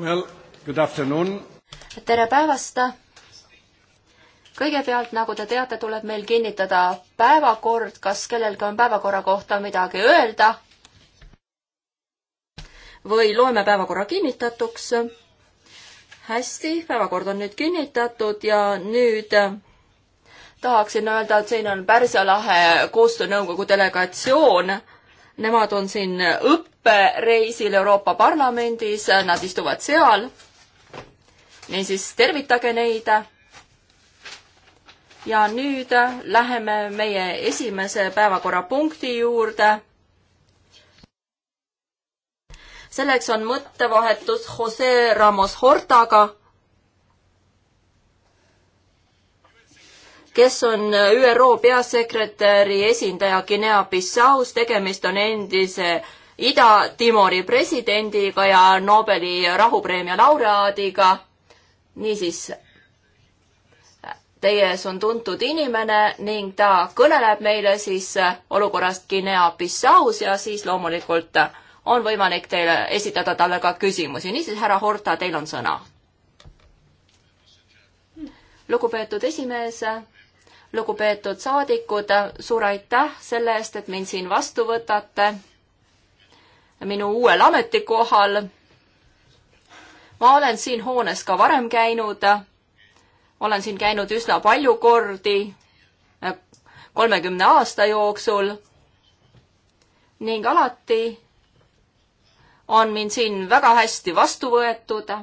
Well, good afternoon. tere päevast! kõigepealt, nagu te teate, tuleb meil kinnitada päevakord, kas kellelgi on päevakorra kohta midagi öelda või loeme päevakorra kinnitatuks. hästi, päevakord on nüüd kinnitatud ja nüüd tahaksin öelda, et siin on Pärsia lahe koostöönõukogu delegatsioon Nemad on siin õppereisil Euroopa Parlamendis, nad istuvad seal. niisiis, tervitage neid. ja nüüd läheme meie esimese päevakorrapunkti juurde. selleks on mõttevahetus Jose Ramos Hortaga kes on ÜRO peasekretäri esindaja Guinea-Bissaus, tegemist on endise Ida-Timori presidendiga ja Nobeli rahupreemia laureaadiga. niisiis, teie ees on tuntud inimene ning ta kõneleb meile siis olukorrast Guinea-Bissaus ja siis loomulikult on võimalik teile esitada talle ka küsimusi. niisiis, härra Horta, teil on sõna. lugupeetud esimees lugupeetud saadikud, suur aitäh selle eest, et mind siin vastu võtate minu uuel ametikohal. ma olen siin hoones ka varem käinud. olen siin käinud üsna palju kordi kolmekümne aasta jooksul ning alati on mind siin väga hästi vastu võetud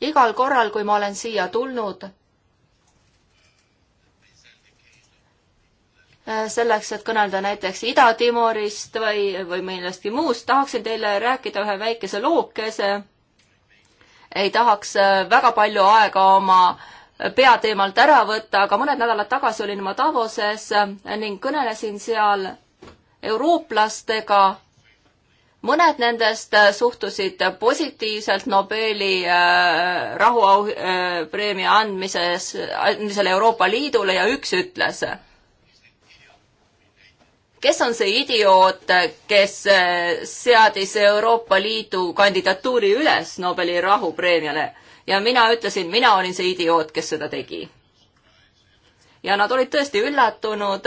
igal korral, kui ma olen siia tulnud, äh, selleks, et kõnelda näiteks Ida-Timorist või, või millestki muust, tahaksin teile rääkida ühe väikese lookese. ei tahaks äh, väga palju aega oma peateemalt ära võtta, aga mõned nädalad tagasi olin ma Davoses äh, ning kõnelesin seal eurooplastega mõned nendest äh, suhtusid positiivselt Nobeli äh, rahuaupreemia äh, andmises, andmisele Euroopa Liidule ja üks ütles, kes on see idioot, kes seadis Euroopa Liidu kandidatuuri üles Nobeli rahupreemiale ja mina ütlesin, mina olin see idioot, kes seda tegi ja nad olid tõesti üllatunud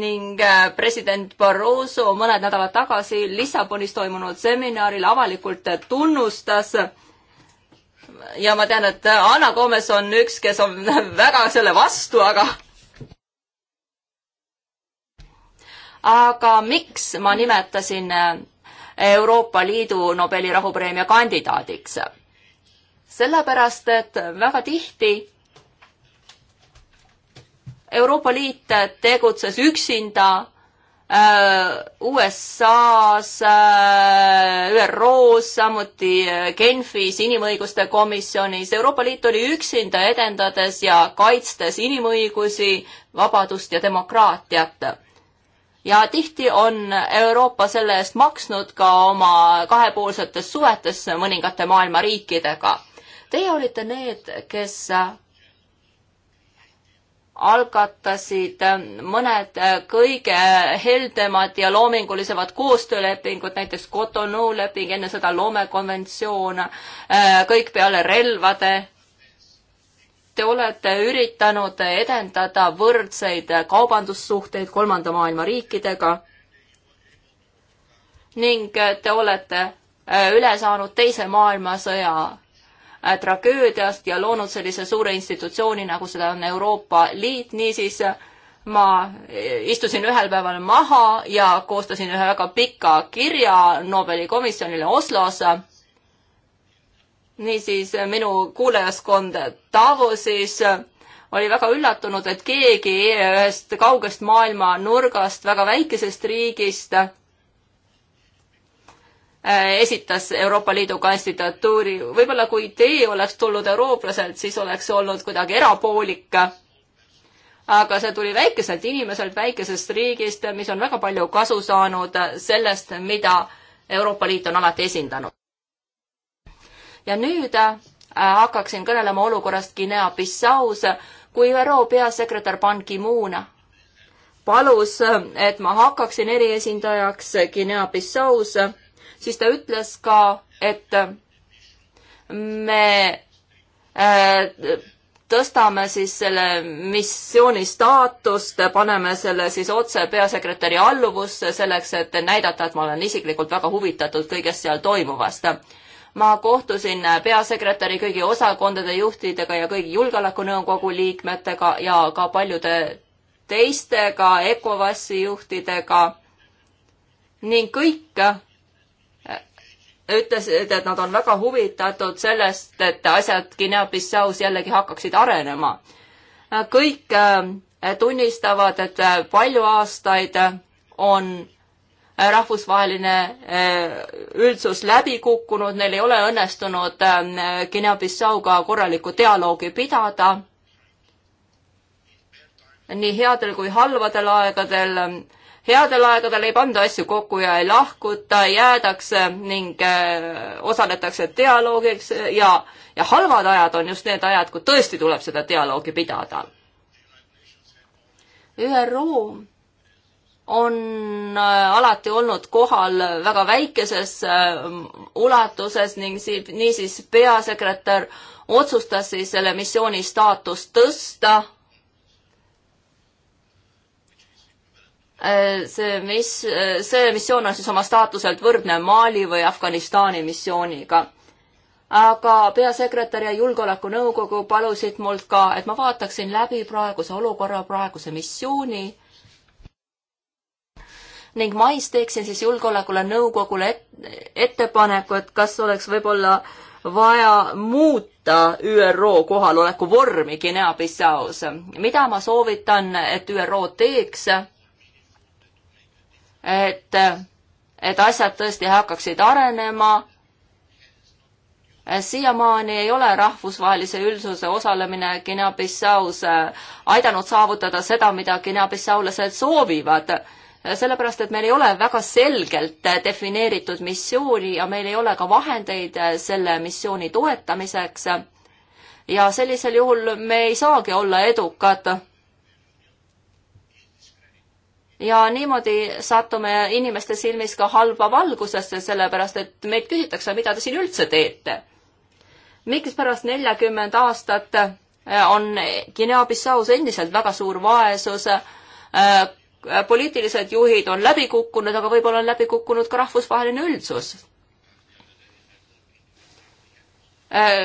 ning äh, president Barroso mõned nädalad tagasi Lissabonis toimunud seminaril avalikult tunnustas ja ma tean, et Anna Gomes on üks, kes on väga selle vastu, aga aga miks ma nimetasin äh, Euroopa Liidu Nobeli rahupreemia kandidaadiks? sellepärast, et väga tihti Euroopa Liit tegutses üksinda äh, USA-s, äh, ÜRO-s, samuti äh, Genfis inimõiguste komisjonis. Euroopa Liit oli üksinda edendades ja kaitstes inimõigusi, vabadust ja demokraatiat. ja tihti on Euroopa selle eest maksnud ka oma kahepoolsetes suhetes mõningate maailma riikidega. Teie olite need, kes algatasid äh, mõned äh, kõige äh, heldemad ja loomingulisemad koostöölepingud, näiteks Cotonou leping, enne seda loomekonventsioon, kõik peale relvade. Te olete üritanud edendada võrdseid kaubandussuhteid kolmanda maailma riikidega ning te olete üle saanud Teise maailmasõja Äh, tragöödiast ja loonud sellise suure institutsiooni, nagu seda on Euroopa Liit, niisiis ma äh, istusin ühel päeval maha ja koostasin ühe väga pika kirja Nobeli komisjonile Oslos. niisiis minu kuulajaskond Davosis oli väga üllatunud, et keegi ühest kaugest maailma nurgast, väga väikesest riigist Äh, esitas Euroopa Liidu kandidatuuri. võib-olla kui idee oleks tulnud eurooplaselt, siis oleks see olnud kuidagi erapoolik. aga see tuli väikeselt inimeselt, väikesest riigist, mis on väga palju kasu saanud sellest, mida Euroopa Liit on alati esindanud. ja nüüd äh, hakkaksin kõnelema olukorrast Guinea-Bissaus, kui ÜRO peasekretär Ban Ki-moon palus, äh, et ma hakkaksin eriesindajaks Guinea-Bissaus siis ta ütles ka, et me äh, tõstame siis selle missiooni staatust, paneme selle siis otse peasekretäri alluvusse selleks, et näidata, et ma olen isiklikult väga huvitatud kõigest seal toimuvast. ma kohtusin peasekretäri kõigi osakondade juhtidega ja kõigi julgeolekunõukogu liikmetega ja ka paljude teistega, ECOWAS-i juhtidega ning kõik ütlesid, et nad on väga huvitatud sellest, et asjad Guinea-Bissaus jällegi hakkaksid arenema. kõik äh, tunnistavad, et äh, palju aastaid on äh, rahvusvaheline üldsus läbi kukkunud, neil ei ole õnnestunud Guinea-Bissauga korralikku dialoogi pidada. nii headel kui halvadel aegadel headel aegadel ei panda asju kokku ja ei lahkuta, jäädakse ning äh, osaletakse dialoogiks ja, ja halvad ajad on just need ajad, kui tõesti tuleb seda dialoogi pidada. ÜRO on äh, alati olnud kohal väga väikeses äh, ulatuses ning niisiis peasekretär otsustas siis selle missiooni staatust tõsta Äh, see, mis, äh, see missioon on siis oma staatuselt võrdne Mali või Afganistani missiooniga. aga peasekretär ja Julgeolekunõukogu palusid mult ka, et ma vaataksin läbi praeguse olukorra, praeguse missiooni ning mais teeksin siis Julgeolekule Nõukogule et, ettepaneku, et kas oleks võib-olla vaja muuta ÜRO kohaloleku vormi Guinea-Bissaus. mida ma soovitan, et ÜRO teeks? et, et asjad tõesti hakkaksid arenema. siiamaani ei ole rahvusvahelise üldsuse osalemine Guinea-Bissaus äh, aidanud saavutada seda, mida Guinea-Bissaulased soovivad sellepärast, et meil ei ole väga selgelt äh, defineeritud missiooni ja meil ei ole ka vahendeid äh, selle missiooni toetamiseks. ja sellisel juhul me ei saagi olla edukad ja niimoodi satume inimeste silmis ka halba valgusesse, sellepärast et meid küsitakse, mida te siin üldse teete. mikspärast neljakümmend aastat äh, on Guinea-Bissaus endiselt väga suur vaesus, äh, poliitilised juhid on läbi kukkunud, aga võib-olla on läbi kukkunud ka rahvusvaheline üldsus äh,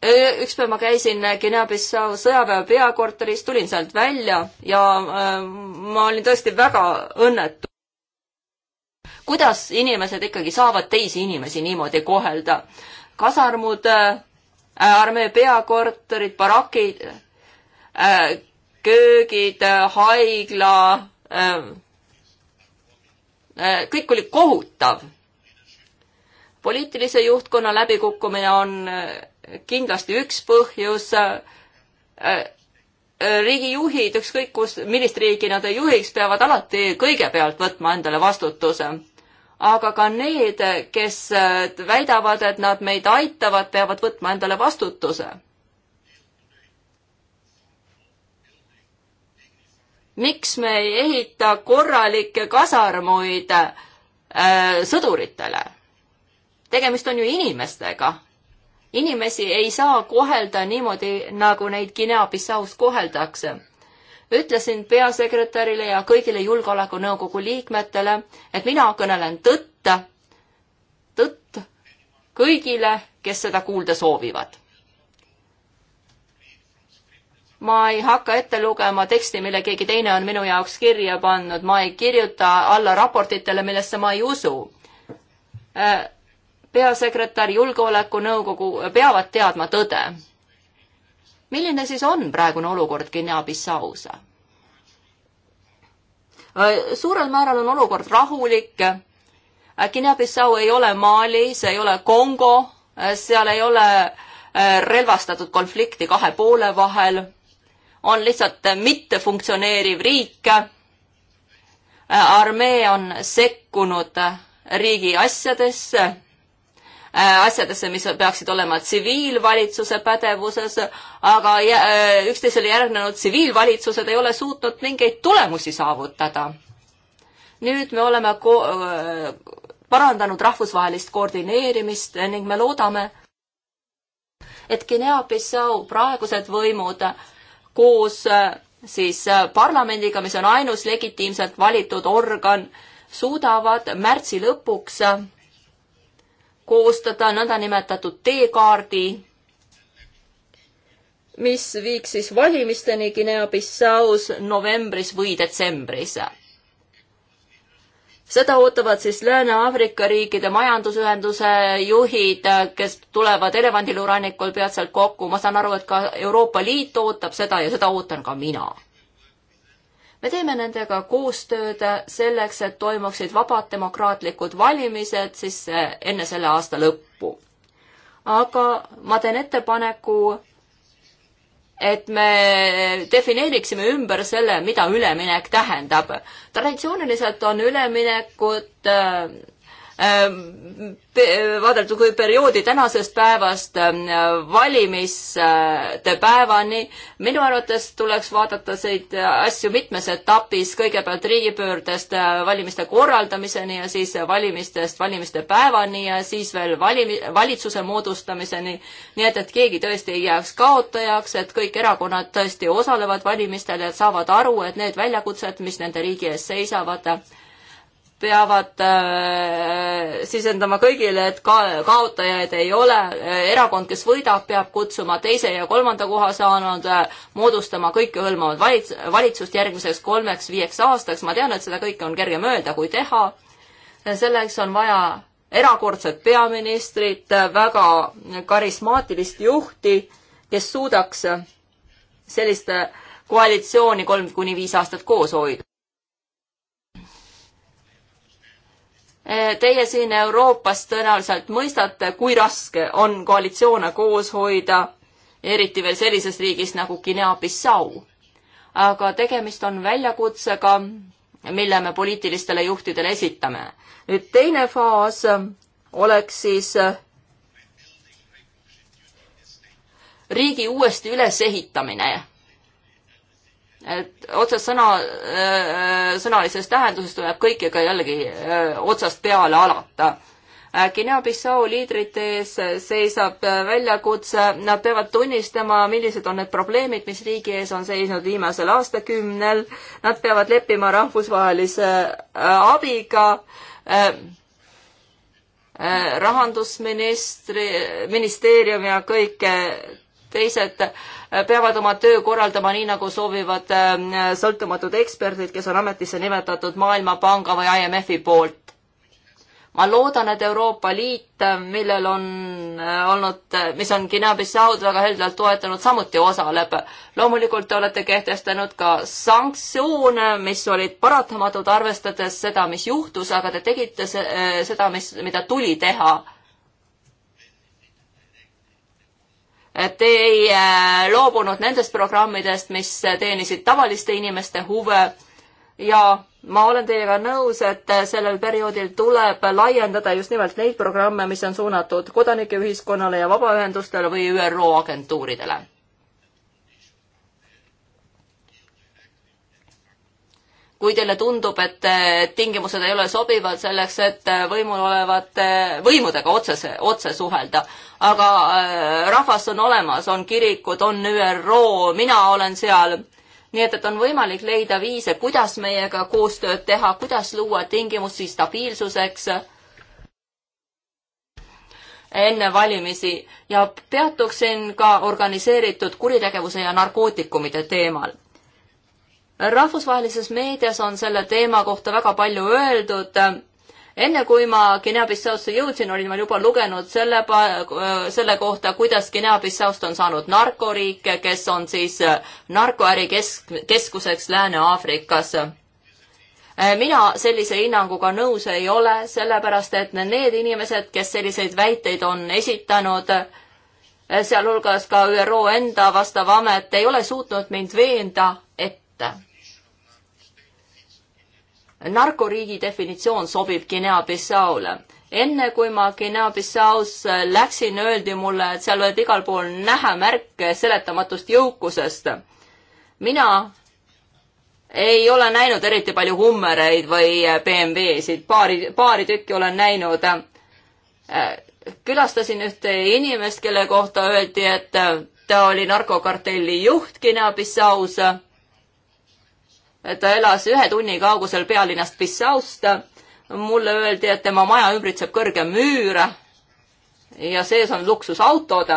üks päev ma käisin Guinea-Bissau sõjaväe peakorteris, tulin sealt välja ja ma olin tõesti väga õnnetu. kuidas inimesed ikkagi saavad teisi inimesi niimoodi kohelda? kasarmud, armee peakorterid, barakid, köögid, haigla, kõik oli kohutav poliitilise juhtkonna läbikukkumine on kindlasti üks põhjus äh, äh, riigijuhid, ükskõik kus, millist riiki nad ei juhiks, peavad alati kõigepealt võtma endale vastutuse. aga ka need, kes äh, väidavad, et nad meid aitavad, peavad võtma endale vastutuse. miks me ei ehita korralikke kasarmuid äh, sõduritele? tegemist on ju inimestega inimesi ei saa kohelda niimoodi, nagu neid Guinea-Bissaus koheldakse. ütlesin peasekretärile ja kõigile Julgeolekunõukogu liikmetele, et mina kõnelen tõtt, tõtt kõigile, kes seda kuulda soovivad. ma ei hakka ette lugema teksti, mille keegi teine on minu jaoks kirja pannud, ma ei kirjuta alla raportitele, millesse ma ei usu äh, peasekretär, julgeolekunõukogu peavad teadma tõde. milline siis on praegune olukord Guinea-Bissaus? Äh, suurel määral on olukord rahulik. Äh, Guinea-Bissau ei ole Mali, see ei ole Kongo, äh, seal ei ole relvastatud konflikti kahe poole vahel. on lihtsalt mittefunktsioneeriv riik. armee on sekkunud riigi asjadesse Äh, asjadesse, mis peaksid olema tsiviilvalitsuse pädevuses, aga äh, üksteisele järgnenud tsiviilvalitsused ei ole suutnud mingeid tulemusi saavutada. nüüd me oleme ko-, äh, parandanud rahvusvahelist koordineerimist ning me loodame, et Guinea-Bissau praegused võimud koos siis parlamendiga, mis on ainus legitiimselt valitud organ, suudavad märtsi lõpuks koostada nõndanimetatud teekaardi, mis viiks siis valimisteni Guinea-Bissaus novembris või detsembris. seda ootavad siis Lääne-Aafrika riikide majandusühenduse juhid, kes tulevad elevandiluurannikul peatselt kokku, ma saan aru, et ka Euroopa Liit ootab seda ja seda ootan ka mina me teeme nendega koostööd selleks, et toimuksid vabad demokraatlikud valimised siis eh, enne selle aasta lõppu. aga ma teen ettepaneku, et me defineeriksime ümber selle, mida üleminek tähendab. traditsiooniliselt on üleminekud äh, Ehm, vaadelda kui perioodi tänasest päevast ehm, valimiste päevani. minu arvates tuleks vaadata neid äh, asju mitmes etapis, kõigepealt riigipöördest äh, valimiste korraldamiseni ja siis valimistest valimiste päevani ja siis veel valimi-, valitsuse moodustamiseni. nii et, et keegi tõesti ei jääks kaotajaks, et kõik erakonnad tõesti osalevad valimistel ja saavad aru, et need väljakutsed, mis nende riigi ees seisavad, peavad äh, sisendama kõigile, et ka kaotajaid ei ole, erakond, kes võidab, peab kutsuma teise ja kolmanda koha saanud äh,, moodustama kõikehõlmavat valits-, valitsust järgmiseks kolmeks-viieks aastaks, ma tean, et seda kõike on kergem öelda kui teha, selleks on vaja erakordset peaministrit, väga karismaatilist juhti, kes suudaks sellist koalitsiooni kolm kuni viis aastat koos hoida. Eh, teie siin Euroopas tõenäoliselt mõistate, kui raske on koalitsioone koos hoida, eriti veel sellises riigis nagu Guinea-Bissau. aga tegemist on väljakutsega, mille me poliitilistele juhtidele esitame. nüüd teine faas eh, oleks siis eh, riigi uuesti ülesehitamine et otsest sõna, äh, sõnalisest tähendusest tuleb kõike ka jällegi äh, otsast peale alata äh, Guinea-Bissau liidrite ees seisab väljakutse, nad peavad tunnistama, millised on need probleemid, mis riigi ees on seisnud viimasel aastakümnel, nad peavad leppima rahvusvahelise abiga, rahandusministri, ministeerium ja kõik teised peavad oma töö korraldama nii, nagu soovivad ähm, sõltumatud eksperdid, kes on ametisse nimetatud Maailmapanga või IMF-i poolt ma loodan, et Euroopa Liit, äh, millel on äh, olnud, äh, mis on Guinea-Bissaud väga heldelt toetanud, samuti osaleb. loomulikult te olete kehtestanud ka sanktsioone, mis olid paratamatud, arvestades seda, mis juhtus, aga te tegite seda, mis, mida tuli teha Te ei äh, loobunud nendest programmidest, mis teenisid tavaliste inimeste huve ja ma olen teiega nõus, et sellel perioodil tuleb laiendada just nimelt neid programme, mis on suunatud kodanikeühiskonnale ja vabaühendustele või ÜRO agentuuridele kui teile tundub, et eh, tingimused ei ole sobivad selleks, et eh, võimul olevate, eh, võimudega otsese, otse suhelda. aga rahvas on olemas, on kirikud, on ÜRO, mina olen seal. nii et, et on võimalik leida viise, kuidas meiega koostööd teha, kuidas luua tingimusi stabiilsuseks enne valimisi ja peatuksin ka organiseeritud kuritegevuse ja narkootikumide teemal rahvusvahelises meedias on selle teema kohta väga palju öeldud. enne kui ma Guinea-Bissausse jõudsin, olin ma juba lugenud selle, selle kohta, kuidas Guinea-Bissaust on saanud narkoriik, kes on siis äh, narkoäri kesk, keskuseks Lääne-Aafrikas äh, mina sellise hinnanguga nõus ei ole, sellepärast et need inimesed, kes selliseid väiteid on esitanud, äh, sealhulgas ka ÜRO enda vastav amet, ei ole suutnud mind veenda, et narkoriigi definitsioon sobib Guinea-Bissaule. enne kui ma Guinea-Bissaus äh, läksin, öeldi mulle, et seal võib igal pool näha märke seletamatust jõukusest. mina ei ole näinud eriti palju Hummereid või äh, BMW-sid, paari, paari tükki olen näinud. Äh, külastasin ühte inimest, kelle kohta öeldi, et ta oli narkokartelli juht Guinea-Bissaus ta elas ühe tunni kaugusel pealinnast Bissaust. mulle öeldi, et tema maja ümbritseb kõrge müür ja sees on luksusautod.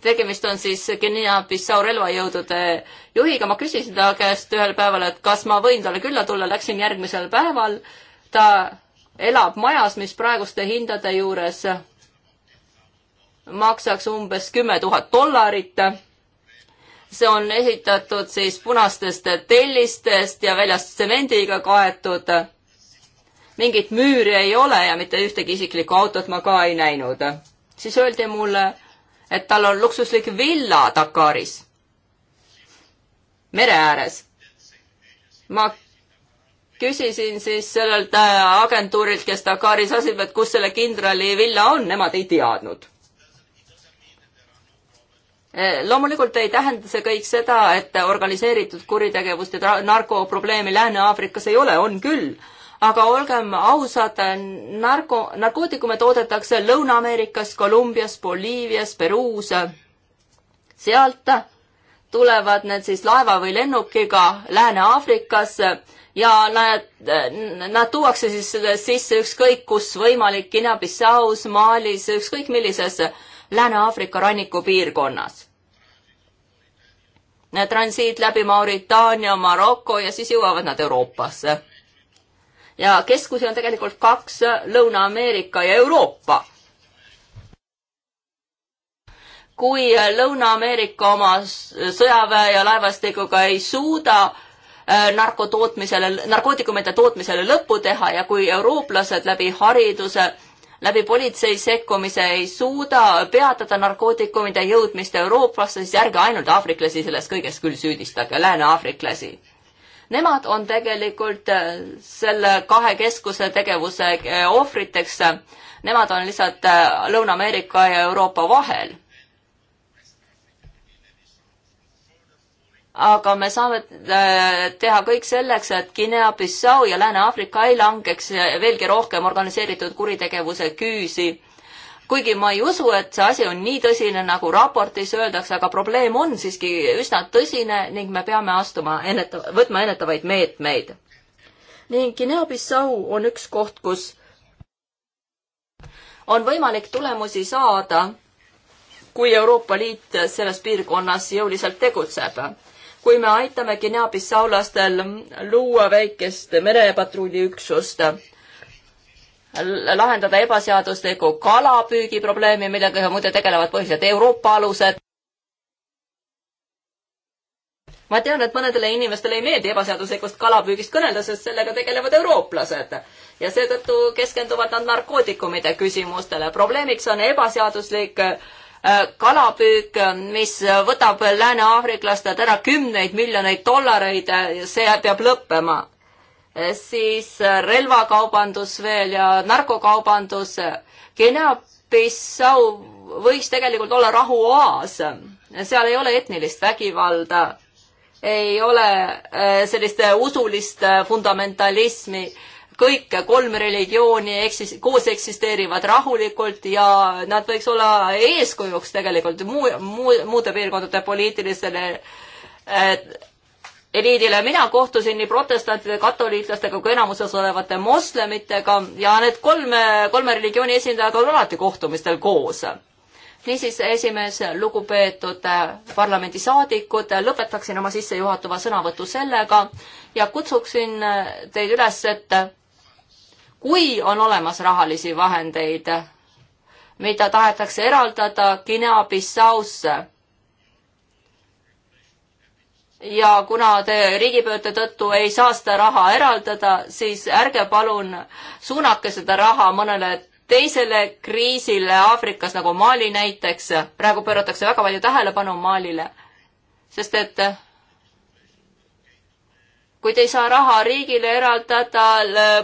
tegemist on siis Guinea-Bissau relvajõudude juhiga. ma küsisin ta käest ühel päeval, et kas ma võin talle külla tulla, läksin järgmisel päeval. ta elab majas, mis praeguste hindade juures maksaks umbes kümme tuhat dollarit see on ehitatud siis punastest tellistest ja väljast tsemendiga kaetud. mingit müüri ei ole ja mitte ühtegi isiklikku autot ma ka ei näinud. siis öeldi mulle, et tal on luksuslik villa Dakaris, mere ääres. ma küsisin siis sellelt äh, agentuurilt, kes Dakaris asub, et kus selle kindrali villa on, nemad ei teadnud Eh, loomulikult ei tähenda see kõik seda, et organiseeritud kuritegevust ja narkoprobleemi Lääne-Aafrikas ei ole, on küll. aga olgem ausad, narko, narkootikume toodetakse Lõuna-Ameerikas, Kolumbias, Boliivias, Peruus. sealt tulevad need siis laeva või lennukiga Lääne-Aafrikasse ja nad, nad tuuakse siis sisse ükskõik kus võimalik, Guinea-Bissaus, Malis, ükskõik millisesse Lääne-Aafrika rannikupiirkonnas. transiit läbi Mauritaania, Maroko ja siis jõuavad nad Euroopasse. ja keskusi on tegelikult kaks, Lõuna-Ameerika ja Euroopa kui Lõuna-Ameerika oma sõjaväe ja laevastikuga ei suuda äh, narkotootmisele, narkootikumide tootmisele lõppu teha ja kui eurooplased läbi hariduse läbi politsei sekkumise ei suuda peatada narkootikumide jõudmist Euroopasse, siis ärge ainult aafriklasi selles kõiges küll süüdistage, lääne-aafriklasi. Nemad on tegelikult äh, selle kahe keskuse tegevuse äh, ohvriteks. Nemad on lihtsalt äh, Lõuna-Ameerika ja Euroopa vahel aga me saame äh, teha kõik selleks, et Guinea-Bissau ja Lääne-Aafrika ei langeks veelgi rohkem organiseeritud kuritegevuse küüsi. kuigi ma ei usu, et see asi on nii tõsine, nagu raportis öeldakse, aga probleem on siiski üsna tõsine ning me peame astuma ennetav, võtma ennetavaid meetmeid. ning Guinea-Bissau on üks koht, kus on võimalik tulemusi saada, kui Euroopa Liit selles piirkonnas jõuliselt tegutseb kui me aitame Guinea-Bissaulastel luua väikest merepatrulliüksust, lahendada ebaseadusliku kalapüügi probleemi, millega muide tegelevad põhiliselt Euroopa alused. ma tean, et mõnedele inimestele ei meeldi ebaseaduslikust kalapüügist kõnelda, sest sellega tegelevad eurooplased ja seetõttu keskenduvad nad narkootikumide küsimustele. probleemiks on ebaseaduslik äh, Äh, kalapüük, äh, mis võtab lääneaafriklastelt ära kümneid miljoneid dollareid, äh, see peab lõppema. siis relvakaubandus veel ja narkokaubandus. Guinea-Bissau võiks tegelikult olla rahuoaas, seal ei ole etnilist vägivalda, ei ole sellist usulist fundamentalismi kõik kolm religiooni eksis-, koos eksisteerivad rahulikult ja nad võiks olla eeskujuks tegelikult muu, muu, muude piirkondade poliitilistele äh, eliidile. mina kohtusin nii protestantide, katoliiklastega kui enamuses olevate moslemitega ja need kolm, kolme religiooni esindajad on alati kohtumistel koos. niisiis, esimees, lugupeetud äh, parlamendisaadikud, lõpetaksin oma sissejuhatava sõnavõtu sellega ja kutsuksin äh, teid üles, et kui on olemas rahalisi vahendeid, mida tahetakse eraldada Guinea-Bissausse. ja kuna te riigipöörde tõttu ei saa seda raha eraldada, siis ärge palun suunake seda raha mõnele teisele kriisile Aafrikas, nagu Mali näiteks. praegu pööratakse väga palju tähelepanu Malile, sest et kui te ei saa raha riigile eraldada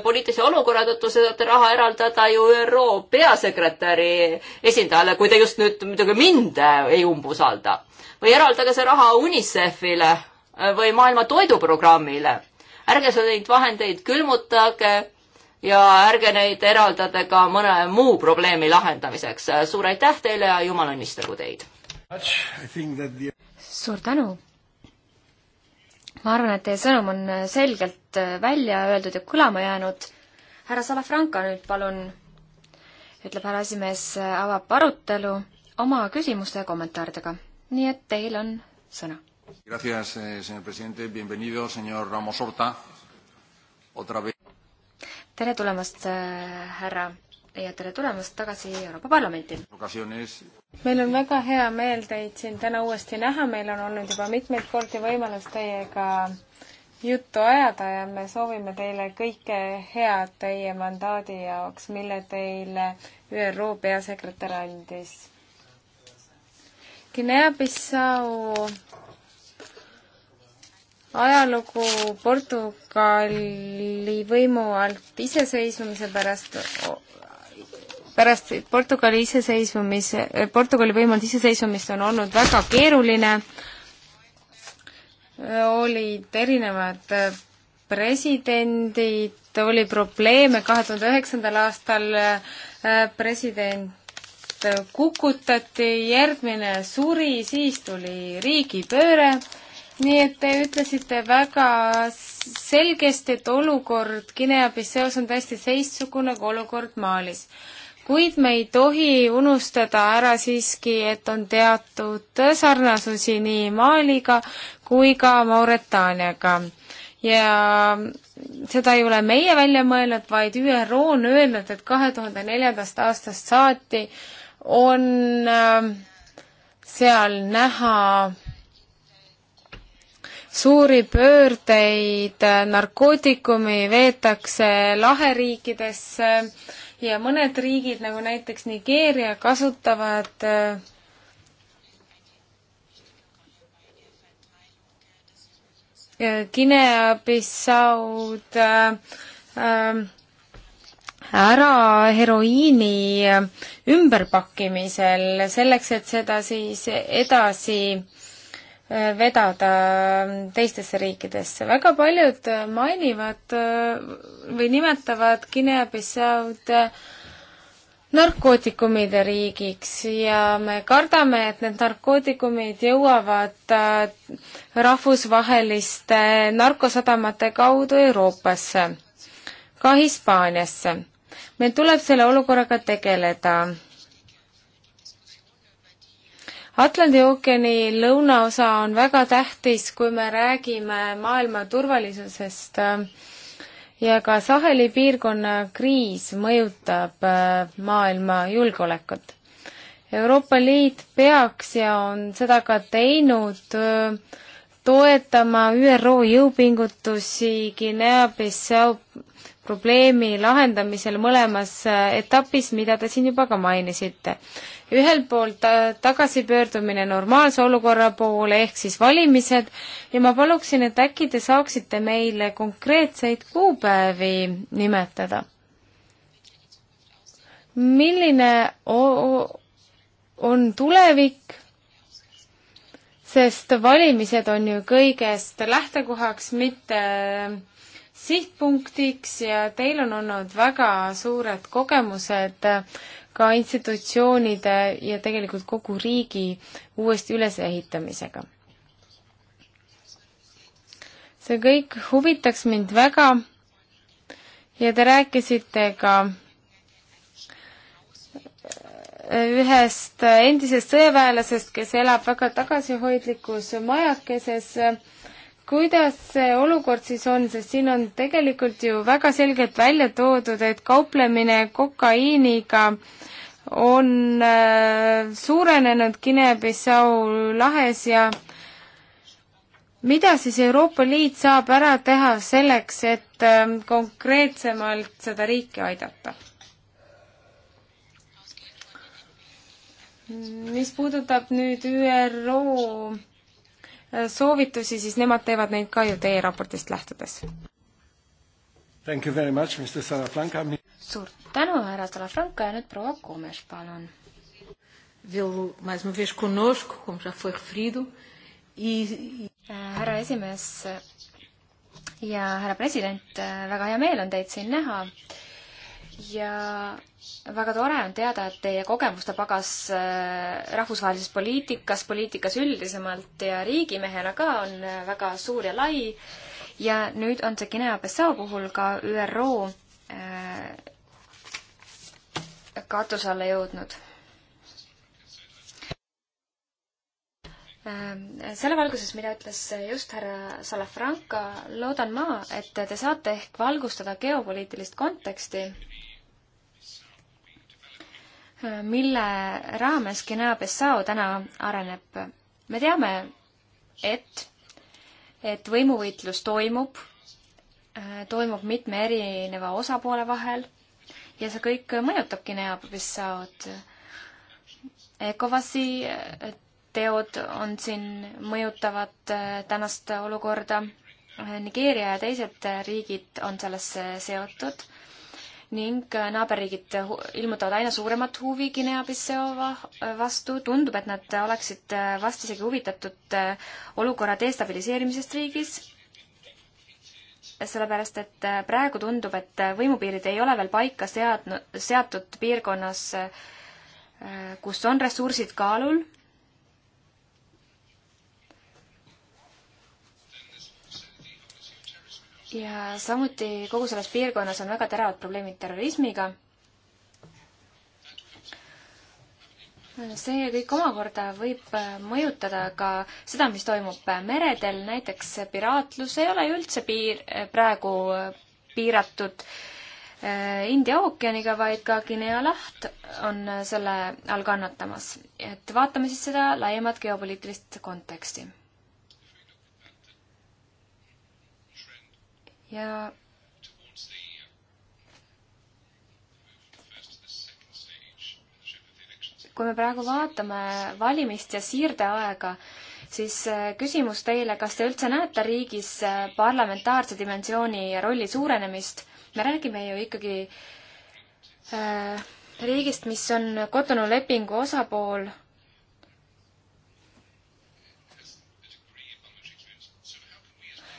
poliitilise olukorra tõttu, saate raha eraldada ju ÜRO peasekretäri esindajale, kui te just nüüd muidugi mind äh, ei umbusalda. või eraldage see raha UNICEF-ile äh, või Maailma Toiduprogrammile. ärge seda neid vahendeid külmutage ja ärge neid eraldage ka mõne muu probleemi lahendamiseks. Äh, suur aitäh teile ja jumal õnnistagu teid! suur tänu! ma arvan, et teie sõnum on äh, selgelt äh, välja öeldud ja kõlama jäänud. härra Salafranca nüüd palun, ütleb härra esimees, äh, avab arutelu oma küsimuste ja kommentaaridega. nii et teil on sõna. Gracias, eh, señor presidente, bienvenido, señor Ramos Horta, otra vez. tere tulemast, härra ja tere tulemast tagasi Euroopa Parlamenti! meil on väga hea meel teid siin täna uuesti näha, meil on olnud juba mitmeid kordi võimalus teiega juttu ajada ja me soovime teile kõike head teie mandaadi jaoks, mille teile ÜRO peasekretär andis. Guinea-Bissau ajalugu Portugali võimu alt iseseisvumise pärast pärast Portugali iseseisvumis, Portugali võimalus iseseisvumist on olnud väga keeruline, olid erinevad presidendid, oli probleeme, kahe tuhande üheksandal aastal president kukutati, järgmine suri, siis tuli riigipööre, nii et te ütlesite väga selgesti, et olukord Guinea-Bissaus on täiesti seistsugune kui olukord Malis kuid me ei tohi unustada ära siiski, et on teatud sarnasusi nii Maaliga kui ka Mauretaaniaga. ja seda ei ole meie välja mõelnud, vaid ÜRO on öelnud, et kahe tuhande neljandast aastast saati on ähm, seal näha suuri pöördeid, äh, narkootikumi veetakse laheriikidesse äh, ja mõned riigid, nagu näiteks Nigeeria, kasutavad äh, äh, Guinea-Bissaud äh, ära heroiini ümberpakkimisel, selleks et seda siis edasi vedada teistesse riikidesse. väga paljud mainivad äh, või nimetavad Guinea-Bissaud narkootikumide riigiks ja me kardame, et need narkootikumid jõuavad äh, rahvusvaheliste narkosadamate kaudu Euroopasse, ka Hispaaniasse. meil tuleb selle olukorraga tegeleda Atlandi ookeani lõunaosa on väga tähtis, kui me räägime maailma turvalisusest äh, ja ka Saheli piirkonna kriis mõjutab äh, maailma julgeolekut. Euroopa Liit peaks ja on seda ka teinud, äh, toetama ÜRO jõupingutusi Guinea-Bissau probleemi lahendamisel mõlemas äh, etapis, mida te siin juba ka mainisite. ühelt poolt tagasipöördumine normaalse olukorra poole ehk siis valimised ja ma paluksin, et äkki te saaksite meile konkreetseid kuupäevi nimetada. milline on tulevik sest valimised on ju kõigest lähtekohaks, mitte sihtpunktiks ja teil on olnud väga suured kogemused äh, ka institutsioonide ja tegelikult kogu riigi uuesti ülesehitamisega. see kõik huvitaks mind väga ja te rääkisite ka äh, ühest endisest sõjaväelasest, kes elab väga tagasihoidlikus majakeses kuidas see olukord siis on, sest siin on tegelikult ju väga selgelt välja toodud, et kauplemine kokaiiniga on äh, suurenenud Guinea-Bissau lahes ja mida siis Euroopa Liit saab ära teha selleks, et ähm, konkreetsemalt seda riiki aidata? mis puudutab nüüd ÜRO soovitusi, siis nemad teevad neid ka ju teie raportist lähtudes. suur tänu, härra Salafranca ja nüüd proua Kumes, palun. E, e äh, härra esimees ja härra president, äh, väga hea meel on teid siin näha ja väga tore on teada, et teie kogemuste pagas äh, rahvusvahelises poliitikas, poliitikas üldisemalt ja riigimehena ka on äh, väga suur ja lai ja nüüd on see Guinea-Bissau puhul ka ÜRO äh, katuse alla jõudnud. Ähm, selle valguses, mida ütles just härra Salafranca, loodan ma, et te saate ehk valgustada geopoliitilist konteksti mille raames Guinea-Bissau täna areneb. me teame, et, et võimuvõitlus toimub, äh, toimub mitme erineva osapoole vahel ja see kõik mõjutab Guinea-Bissaud. ECOWAS-i äh, teod on siin, mõjutavad äh, tänast olukorda. Nigeeria ja teised riigid on sellesse seotud ning äh, naaberriigid ilmutavad aina suuremat huvi Guinea-Bissau vastu, tundub, et nad oleksid äh, vast isegi huvitatud äh, olukorra destabiliseerimisest riigis, sellepärast et praegu tundub, et võimupiirid ei ole veel paika seadnud, seatud piirkonnas, kus on ressursid kaalul ja samuti kogu selles piirkonnas on väga teravad probleemid terrorismiga. see kõik omakorda võib äh, mõjutada ka seda, mis toimub äh, meredel, näiteks piraatlus ei ole ju üldse piir, äh, praegu piiratud India ookeaniga, vaid ka Guinea laht on selle all kannatamas. et vaatame siis seda laiemat geopoliitilist konteksti ja kui me praegu vaatame valimist ja siirdeaega, siis äh, küsimus teile, kas te üldse näete riigis äh, parlamentaarse dimensiooni ja rolli suurenemist? me räägime ju ikkagi äh, riigist, mis on Kotonu lepingu osapool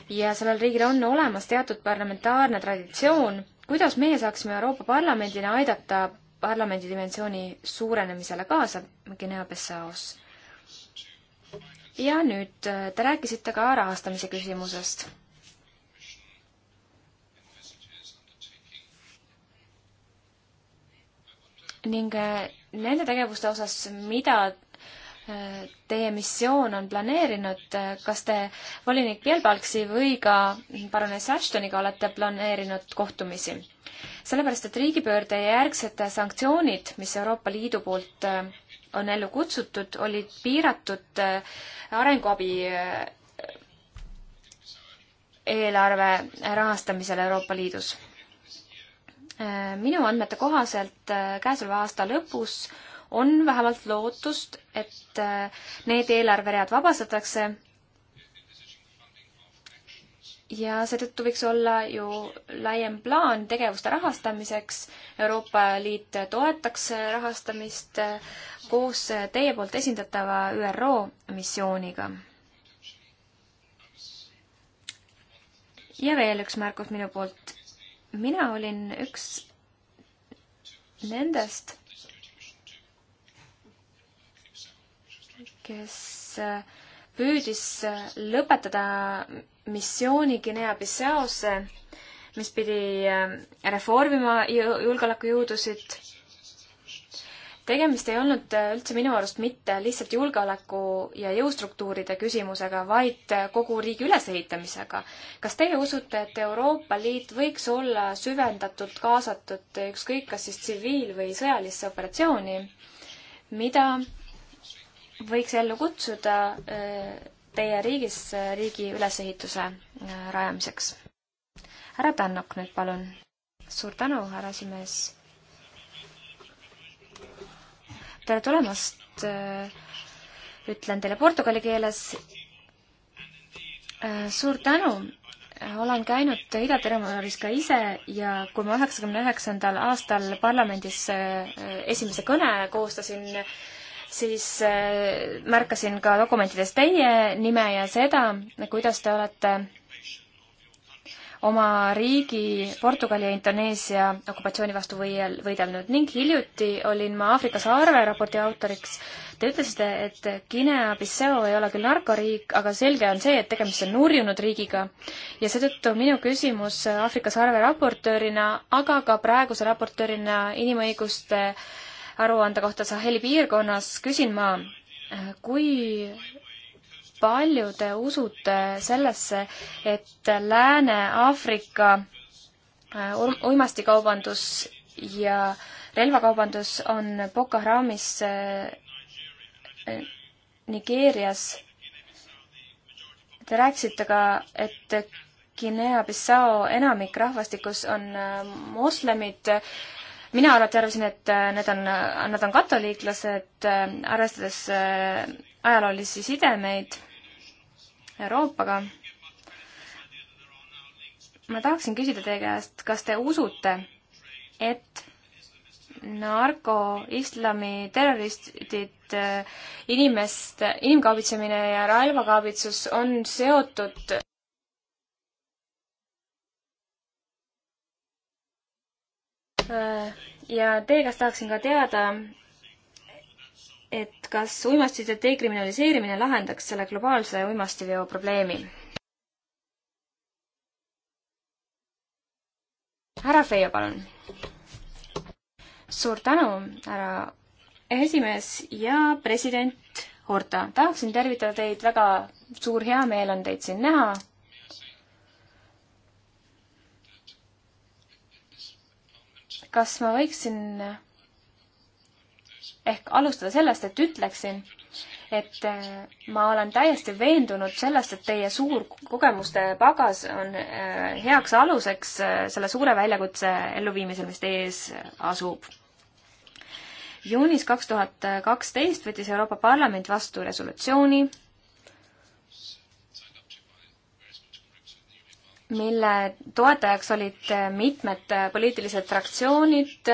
ja sellel riigil on olemas teatud parlamentaarne traditsioon, kuidas meie saaksime Euroopa Parlamendina aidata parlamendi dimensiooni suurenemisele kaasa Guinea-Bissaus? ja nüüd, äh, te rääkisite ka rahastamise küsimusest. ning äh, nende tegevuste osas, mida teie missioon on planeerinud, kas te volinik Pielbalksi või ka paroness Ashtoniga olete planeerinud kohtumisi? sellepärast, et riigipöörde järgsed sanktsioonid, mis Euroopa Liidu poolt äh, on ellu kutsutud, olid piiratud äh, arenguabi äh, eelarve rahastamisel Euroopa Liidus. minu andmete kohaselt käesoleva aasta lõpus on vähemalt lootust, et äh, need eelarveread vabastatakse. ja seetõttu võiks olla ju laiem plaan tegevuste rahastamiseks. Euroopa Liit toetaks rahastamist äh, koos äh, teie poolt esindatava ÜRO missiooniga. ja veel üks märkus minu poolt. mina olin üks nendest kes äh, püüdis äh, lõpetada missiooni Guinea-Bissaosse, mis pidi äh, reformima julgeolekujõudusid. tegemist ei olnud üldse minu arust mitte lihtsalt julgeoleku ja jõustruktuuride küsimusega, vaid kogu riigi ülesehitamisega. kas teie usute, et Euroopa Liit võiks olla süvendatult kaasatud ükskõik kas siis tsiviil- või sõjalisse operatsiooni, mida võiks ellu kutsuda äh, teie riigis äh, riigi ülesehituse äh, rajamiseks. härra Tännok nüüd palun. suur tänu, härra esimees. tere tulemast, ütlen teile portugali keeles. suur tänu olen käinud Ida-Teremaalis ka ise ja kui ma üheksakümne üheksandal aastal parlamendis esimese kõne koostasin, siis äh, märkasin ka dokumentides teie nime ja seda, kuidas te olete oma riigi, Portugali ja Indoneesia okupatsiooni vastu võidel, võidelnud ning hiljuti olin ma Aafrika saarve raporti autoriks. Te ütlesite, et Guinea-Bissau ei ole küll narkoriik, aga selge on see, et tegemist on nurjunud riigiga. ja seetõttu minu küsimus Aafrika saarve raportöörina, aga ka praeguse raportöörina inimõiguste äh, aruande kohta Saheli piirkonnas küsin ma, kui palju te usute sellesse, et Lääne-Aafrika äh, um-, uimastikaubandus ja relvakaubandus on Boko Haramis äh, Nigeerias. Te rääkisite ka, et Guinea-Bissau enamik rahvastikus on äh, moslemid mina alati arvasin, et äh, need on, äh, nad on katoliiklased, äh, arvestades ajaloolisi sidemeid Euroopaga. ma tahaksin küsida teie käest, kas te usute, et narko, islami, terroristid, inimest, inimkaubitsemine ja relvakaubitsus on seotud Äh, ja teie käest tahaksin ka teada, et kas uimastite dekriminaliseerimine lahendaks selle globaalse uimastiveo probleemi? härra Feio, palun. suur tänu, härra esimees ja president Horta. tahaksin tervitada teid, väga suur heameel on teid siin näha kas ma võiksin ehk alustada sellest, et ütleksin, et äh, ma olen täiesti veendunud sellest, et teie suur kogemuste pagas on äh, heaks aluseks äh, selle suure väljakutse elluviimisel, mis teie ees asub. juunis kaks tuhat kaksteist võttis Euroopa Parlament vastu resolutsiooni, mille toetajaks olid mitmed poliitilised fraktsioonid.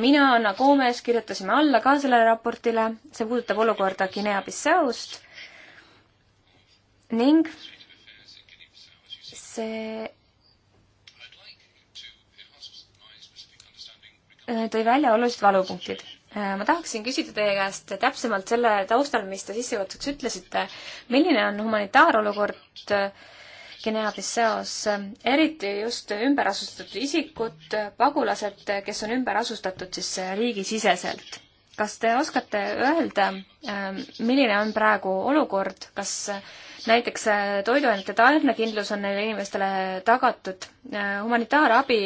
mina, Anna Koomes kirjutasime alla ka sellele raportile, see puudutab olukorda Guinea-Bissaust ning see tõi välja olulised valupunktid ma tahaksin küsida teie käest täpsemalt selle taustal, mis te sissejuhatuseks ütlesite, milline on humanitaarolukord äh, Guinea-Bissaus, eriti just ümberasustatud isikud, pagulased, kes on ümber asustatud siis äh, riigisiseselt. kas te oskate öelda, ähm, milline on praegu olukord, kas äh, näiteks äh, toiduainete tarnekindlus on neile inimestele tagatud, humanitaarabi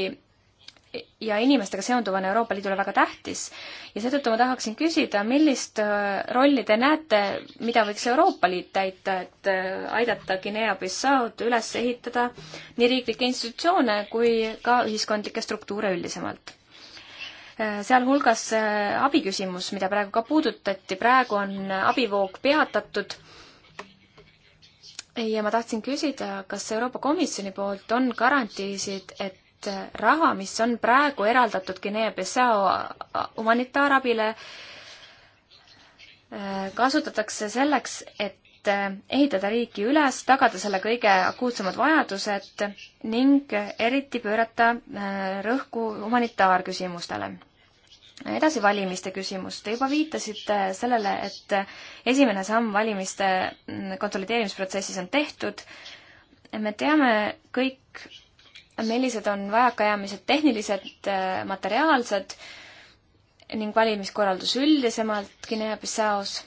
ja inimestega seonduv on Euroopa Liidule väga tähtis. ja seetõttu ma tahaksin küsida, millist äh, rolli te näete, mida võiks Euroopa Liit täita, et äh, aidata Guinea-Bissaud üles ehitada nii riiklikke institutsioone kui ka ühiskondlikke struktuure üldisemalt? Äh, sealhulgas abiküsimus, mida praegu ka puudutati, praegu on abivoog peatatud ja ma tahtsin küsida, kas Euroopa Komisjoni poolt on garantiisid, et et raha, mis on praegu eraldatud Guinea-Bissau humanitaarabile, kasutatakse selleks, et ehitada riiki üles, tagada selle kõige akuutsemad vajadused ning eriti pöörata äh, rõhku humanitaarküsimustele. edasi valimiste küsimus. Te juba viitasite sellele, et esimene samm valimiste mm, konsolideerimisprotsessis on tehtud. me teame kõik millised on vajakajäämised tehnilised, äh, materiaalsed ning valimiskorraldus üldisemalt Guinea-Bissaus.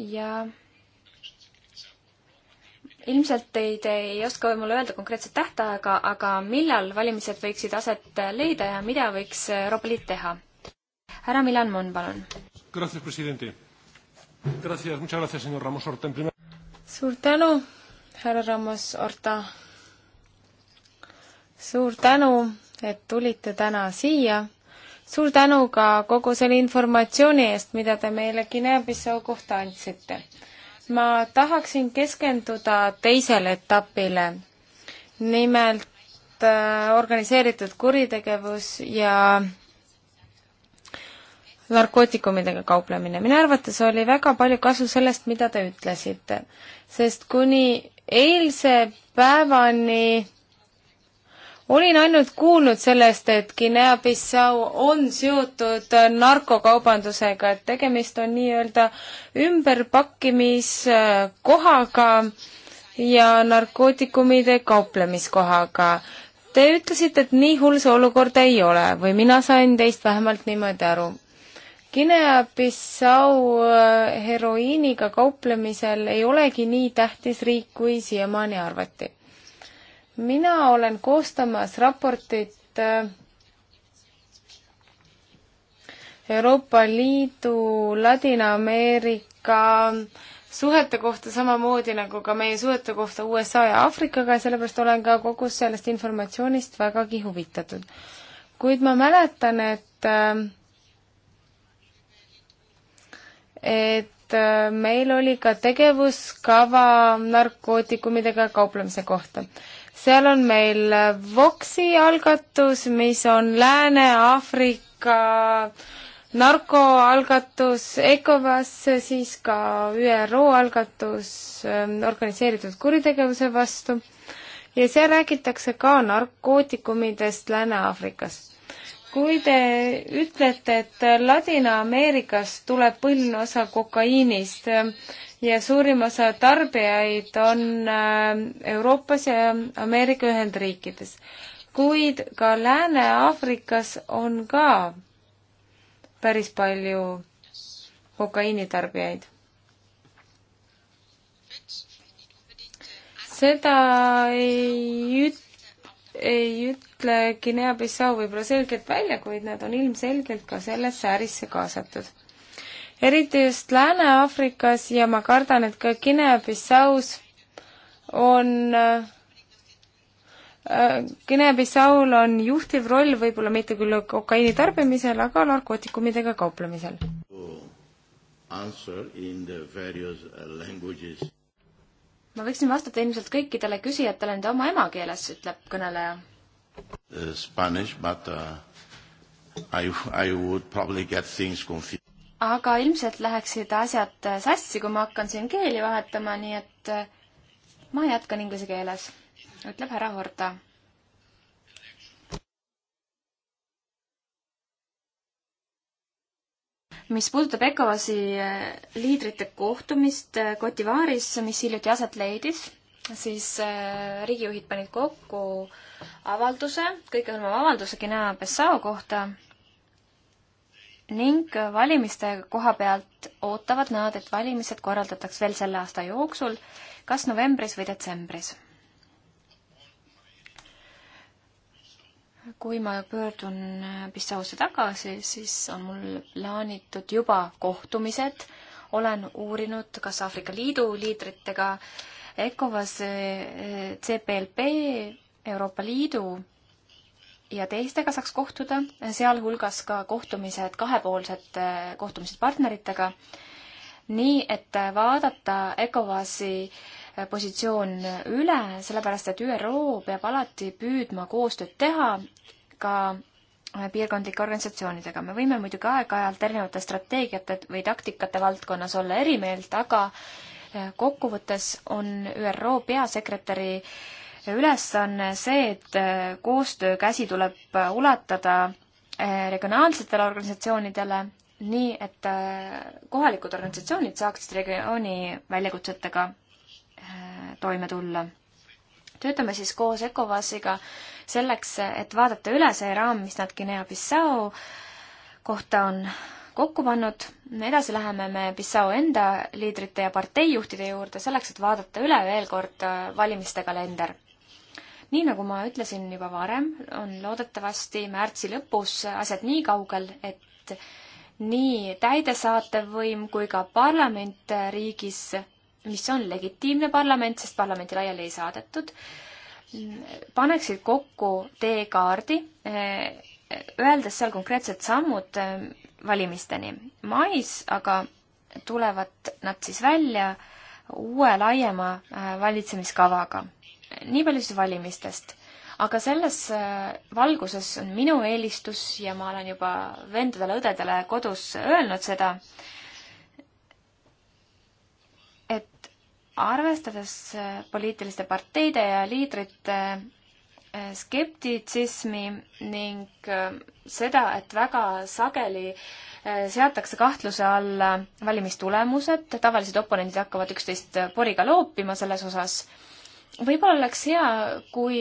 ja ilmselt ei, te ei oska mulle öelda konkreetset tähtaega, aga millal valimised võiksid aset leida ja mida võiks Euroopa Liit teha? härra Milan Mon, palun suur tänu, härra Ramos Orta. suur tänu, et tulite täna siia. suur tänu ka kogu selle informatsiooni eest, mida te meile Guinea-Bissau kohta andsite. ma tahaksin keskenduda teisele etapile, nimelt äh, organiseeritud kuritegevus ja narkootikumidega kauplemine. minu arvates oli väga palju kasu sellest, mida te ütlesite, sest kuni eilse päevani olin ainult kuulnud sellest, et Guinea-Bissau on seotud narkokaubandusega, et tegemist on nii-öelda ümberpakkimiskohaga ja narkootikumide kauplemiskohaga. Te ütlesite, et nii hull see olukord ei ole või mina sain teist vähemalt niimoodi aru Guinea-Bissau äh, heroiiniga kauplemisel ei olegi nii tähtis riik, kui siiamaani arvati. mina olen koostamas raportit äh, Euroopa Liidu, Ladina-Ameerika suhete kohta samamoodi nagu ka meie suhete kohta USA ja Aafrikaga ja sellepärast olen ka kogu sellest informatsioonist vägagi huvitatud. kuid ma mäletan, et äh, et äh, meil oli ka tegevuskava narkootikumidega kauplemise kohta. seal on meil Voxi algatus, mis on Lääne-Aafrika narkoalgatus, ECOWAS, siis ka ÜRO algatus ähm, organiseeritud kuritegevuse vastu ja seal räägitakse ka narkootikumidest Lääne-Aafrikas kui te ütlete, et Ladina-Ameerikast tuleb põhiline osa kokaiinist ja suurim osa tarbijaid on äh, Euroopas ja Ameerika Ühendriikides, kuid ka Lääne-Aafrikas on ka päris palju kokaiinitarbijaid. seda ei ütle ei ütle Guinea-Bissau võib-olla selgelt välja, kuid nad on ilmselgelt ka sellesse ärisse kaasatud. eriti just Lääne-Aafrikas ja ma kardan, et ka Guinea-Bissaus on äh, Guinea-Bissaul on juhtiv roll võib-olla mitte küll kokaiini tarbimisel, aga narkootikumidega kauplemisel. Answer in the various uh, languages ma võiksin vastata ilmselt kõikidele küsijatele nende oma emakeeles, ütleb kõneleja. Uh, Spanish, but uh, I, I would probably get things confused. aga ilmselt läheksid asjad uh, sassi, kui ma hakkan siin keeli vahetama, nii et uh, ma jätkan inglise keeles, ütleb härra Horta mis puudutab ECOWAS-i äh, liidrite kohtumist äh, Kotivaaris, mis hiljuti aset leidis, siis äh, riigijuhid panid kokku avalduse, kõikehõlmava avalduse Guinea-Bissau kohta ning valimiste koha pealt ootavad nad, et valimised korraldataks veel selle aasta jooksul, kas novembris või detsembris kui ma pöördun Bissausse tagasi, siis on mul plaanitud juba kohtumised. olen uurinud, kas Aafrika Liidu liidritega, ECOWAS, CPLP, Euroopa Liidu ja teistega saaks kohtuda, sealhulgas ka kohtumised, kahepoolsed äh, kohtumised partneritega. nii et vaadata ECOWAS-i äh, positsioon üle, sellepärast et ÜRO peab alati püüdma koostööd teha ka piirkondlike organisatsioonidega. me võime muidugi aeg-ajalt erinevate strateegiate või taktikate valdkonnas olla eri meelt, aga eh, kokkuvõttes on ÜRO peasekretäri ülesanne see, et eh, koostöökäsi tuleb ulatada eh, regionaalsetele organisatsioonidele, nii et kohalikud organisatsioonid saaksid regiooni väljakutsetega Äh, toime tulla. töötame siis koos ECOWAS-iga selleks, et vaadata üle see raam, mis nad Guinea-Bissau kohta on kokku pannud. edasi läheme me Bissau enda liidrite ja parteijuhtide juurde selleks, et vaadata üle veel kord äh, valimiste kalender. nii nagu ma ütlesin juba varem, on loodetavasti märtsi lõpus asjad nii kaugel, et nii täidesaatev võim kui ka parlament riigis mis on legitiimne parlament, sest parlamenti laiali ei saadetud, paneksid kokku teekaardi, eh, öeldes seal konkreetsed sammud eh, valimisteni. mais aga tulevad nad siis välja uue laiema eh, valitsemiskavaga. nii palju siis valimistest. aga selles valguses on minu eelistus ja ma olen juba vendadele-õdedele kodus öelnud seda, arvestades äh, poliitiliste parteide ja liidrite äh, skeptitsismi ning äh, seda, et väga sageli seatakse kahtluse alla valimistulemused, tavalised oponendid hakkavad üksteist poriga loopima selles osas. võib-olla oleks hea, kui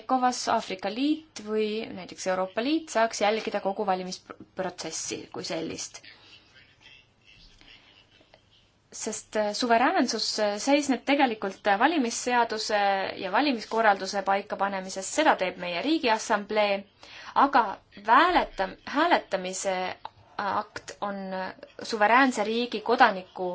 ECOWAS, Aafrika Liit või näiteks Euroopa Liit saaks jälgida kogu valimisprotsessi kui sellist sest äh, suveräänsus äh, seisneb tegelikult äh, valimisseaduse ja valimiskorralduse paikapanemises, seda teeb meie Riigiassamblee, aga hääleta-, hääletamise akt on suveräänse riigi kodaniku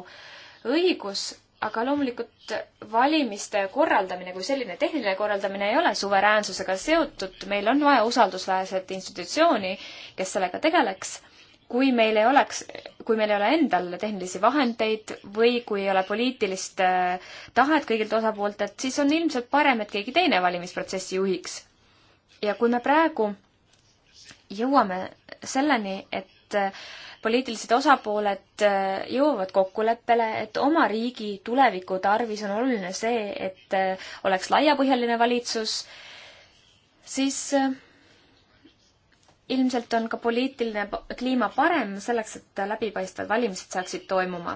õigus, aga loomulikult valimiste korraldamine kui selline tehniline korraldamine ei ole suveräänsusega seotud, meil on vaja usaldusväärset institutsiooni, kes sellega tegeleks kui meil ei oleks, kui meil ei ole endal tehnilisi vahendeid või kui ei ole poliitilist äh, tahet kõigilt osapooltelt, siis on ilmselt parem, et keegi teine valimisprotsessi juhiks. ja kui me praegu jõuame selleni, et äh, poliitilised osapooled äh, jõuavad kokkuleppele, et oma riigi tuleviku tarvis on oluline see, et oleks laiapõhjaline valitsus, siis ilmselt on ka poliitiline kliima parem selleks, et läbipaistvad valimised saaksid toimuma.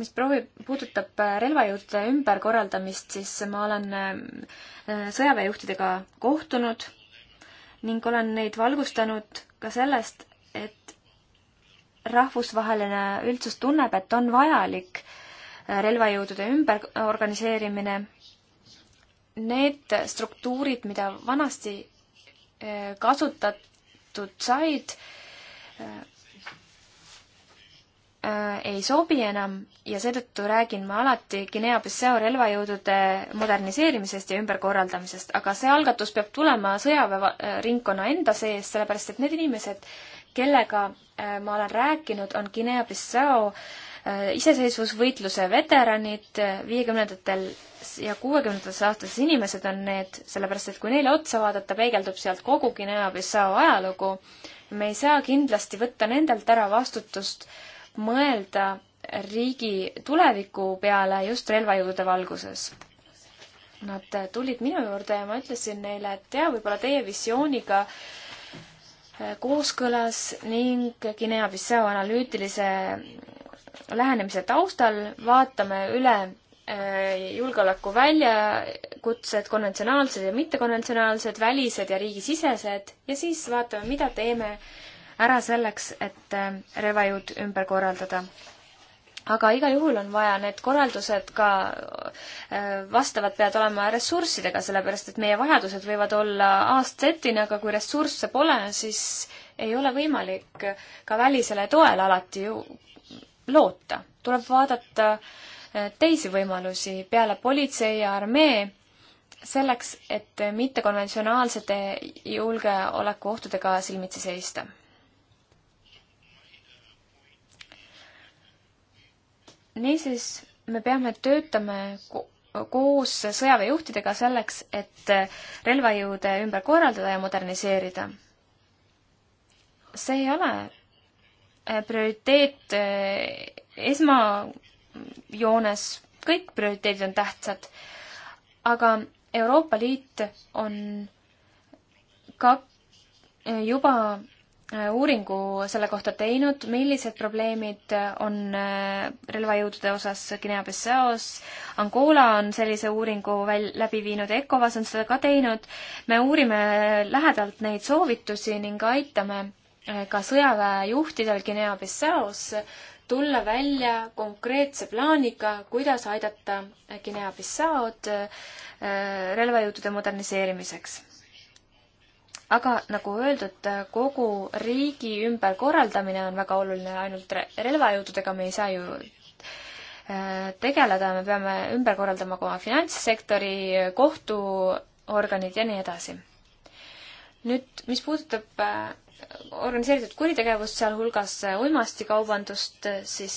mis proovi-, puudutab äh, relvajõudude ümberkorraldamist, siis ma olen äh, sõjaväejuhtidega kohtunud ning olen neid valgustanud ka sellest, et rahvusvaheline üldsus tunneb, et on vajalik äh, relvajõudude ümberorganiseerimine need struktuurid, mida vanasti eh, kasutatud said, eh, eh, ei sobi enam ja seetõttu räägin ma alati Guinea-Bissau relvajõudude moderniseerimisest ja ümberkorraldamisest, aga see algatus peab tulema sõjaväeringkonna enda sees, sellepärast et need inimesed, kellega ma olen rääkinud, on Guinea-Bissau äh, Äh, iseseisvusvõitluse veteranid, äh, viiekümnendatel ja kuuekümnendates aastates inimesed on need, sellepärast et kui neile otsa vaadata, peegeldub sealt kogu Guinea-Bissau ajalugu. me ei saa kindlasti võtta nendelt ära vastutust mõelda riigi tuleviku peale just relvajõudude valguses. Nad äh, tulid minu juurde ja ma ütlesin neile, et jaa, võib-olla teie visiooniga kooskõlas ning Guinea-Bissau analüütilise lähenemise taustal vaatame üle äh, julgeoleku väljakutsed, konventsionaalsed ja mittekonventsionaalsed, välised ja riigisisesed ja siis vaatame, mida teeme ära selleks, et äh, relvajõud ümber korraldada. aga igal juhul on vaja need korraldused ka, äh, vastavad peavad olema ressurssidega, sellepärast et meie vajadused võivad olla aastasetini, aga kui ressursse pole, siis ei ole võimalik ka välisele toele alati ju loota, tuleb vaadata äh, teisi võimalusi peale politsei ja armee, selleks, et mittekonventsionaalsete julgeolekuohtudega silmitsi seista niisiis me peame töötama ko koos sõjaväejuhtidega selleks, et relvajõude ümber korraldada ja moderniseerida. see ei ole prioriteet eh, esmajoones, kõik prioriteedid on tähtsad, aga Euroopa Liit on ka eh, juba eh, uuringu selle kohta teinud, millised probleemid on relvajõudude osas Guinea-Bissaus. Angola on sellise uuringu väl-, läbi viinud, ECOWAS on seda ka teinud. me uurime lähedalt neid soovitusi ning aitame Äh, ka sõjaväejuhtidel Guinea-Bissaus tulla välja konkreetse plaaniga, kuidas aidata äh, Guinea-Bissaud äh, relvajõudude moderniseerimiseks aga nagu öeldud, kogu riigi ümberkorraldamine on väga oluline, ainult relvajõududega me ei saa ju tegeleda, me peame ümber korraldama ka oma finantssektori, kohtuorganid ja nii edasi. nüüd, mis puudutab organiseeritud kuritegevust, sealhulgas uimastikaubandust, siis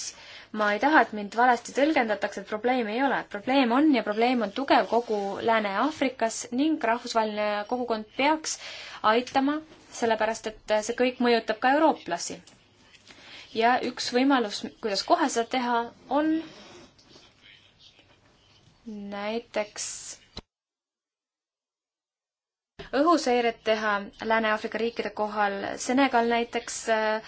ma ei taha, et mind valesti tõlgendatakse, et probleemi ei ole. probleem on ja probleem on tugev kogu Lääne-Aafrikas ning rahvusvaheline kogukond peaks aitama, sellepärast et see kõik mõjutab ka eurooplasi. ja üks võimalus, kuidas kohe seda teha, on näiteks õhuseiret teha Lääne-Aafrika riikide kohal, Senegal näiteks äh,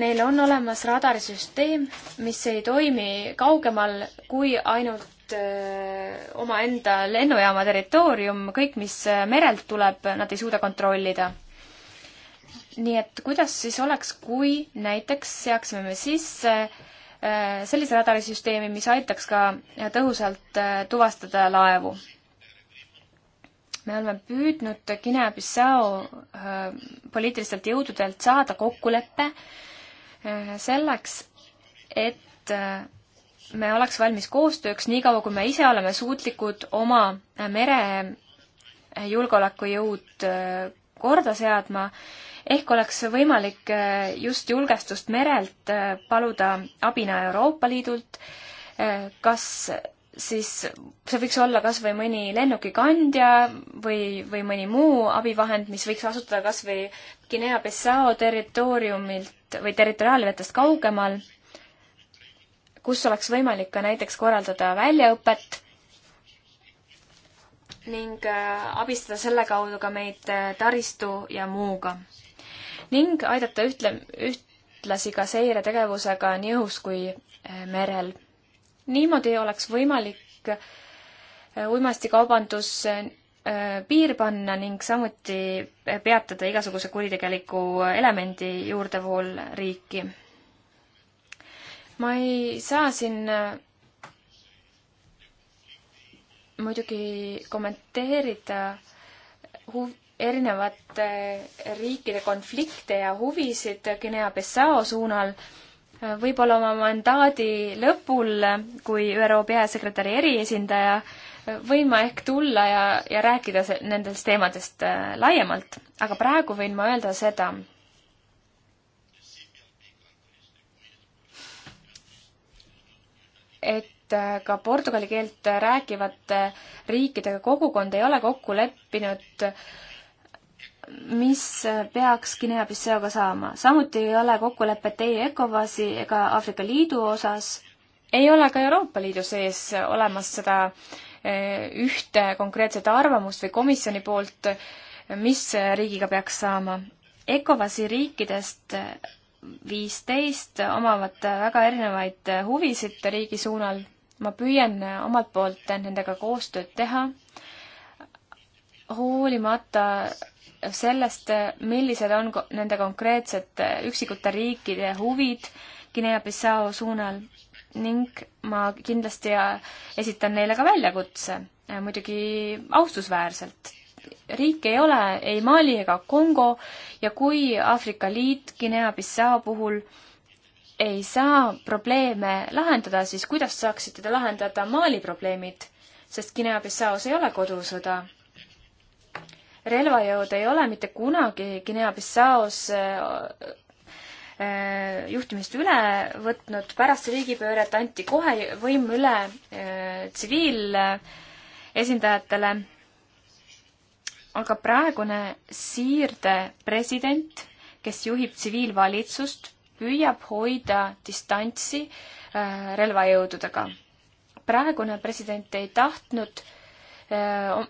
neil on olemas radarisüsteem, mis ei toimi kaugemal kui ainult äh, omaenda lennujaama territoorium, kõik, mis äh, merelt tuleb, nad ei suuda kontrollida. nii et kuidas siis oleks, kui näiteks seaksime me sisse sellise radarisüsteemi, mis aitaks ka tõhusalt tuvastada laevu me oleme püüdnud Guinea-Bissau äh, poliitilistelt jõududelt saada kokkuleppe äh, selleks, et äh, me oleks valmis koostööks niikaua, kui me ise oleme suutlikud oma merejulgeolekujõud korda seadma, ehk oleks võimalik just julgestust merelt paluda abina Euroopa Liidult, kas siis see võiks olla kas või mõni lennukikandja või, või mõni muu abivahend, mis võiks asutada kas või Guinea-Bissau territooriumilt või territoriaalvetest kaugemal, kus oleks võimalik ka näiteks korraldada väljaõpet ning äh, abistada selle kaudu ka meid äh, taristu ja muuga. ning aidata ühtle, ühtlasi ka seiretegevusega nii õhus kui äh, merel niimoodi oleks võimalik äh, uimastikaubandus äh, piir panna ning samuti peatada igasuguse kuritegeliku elemendi juurdevool riiki. ma ei saa siin äh, muidugi kommenteerida huv-, erinevate riikide konflikte ja huvisid Guinea-Bissau suunal võib-olla oma mandaadi lõpul, kui ÜRO peasekretäri eriesindaja, võin ma ehk tulla ja, ja rääkida nendest teemadest äh, laiemalt, aga praegu võin ma öelda seda, et äh, ka portugali keelt rääkivate riikidega kogukond ei ole kokku leppinud äh, mis peaks Guinea-Bissaoga saama. samuti ei ole kokkulepet ei ECOWAS-i ega Aafrika Liidu osas, ei ole ka Euroopa Liidu sees olemas seda eh, ühte konkreetset arvamust või komisjoni poolt, mis riigiga peaks saama. ECOWAS-i riikidest viisteist omavad väga erinevaid huvisid riigi suunal. ma püüan omalt poolt nendega koostööd teha, hoolimata sellest, millised on nende konkreetsed üksikute riikide huvid Guinea-Bissau suunal ning ma kindlasti äh, esitan neile ka väljakutse, äh, muidugi austusväärselt. riik ei ole ei Mali ega Kongo ja kui Aafrika Liit Guinea-Bissau puhul ei saa probleeme lahendada, siis kuidas saaksite te lahendada Mali probleemid? sest Guinea-Bissaus ei ole kodusõda relvajõud ei ole mitte kunagi Guinea-Bissaus äh, äh, juhtimist üle võtnud, pärast riigipööret anti kohe võim üle äh, tsiviilesindajatele, aga praegune siirde president, kes juhib tsiviilvalitsust, püüab hoida distantsi relvajõududega. praegune president ei tahtnud äh,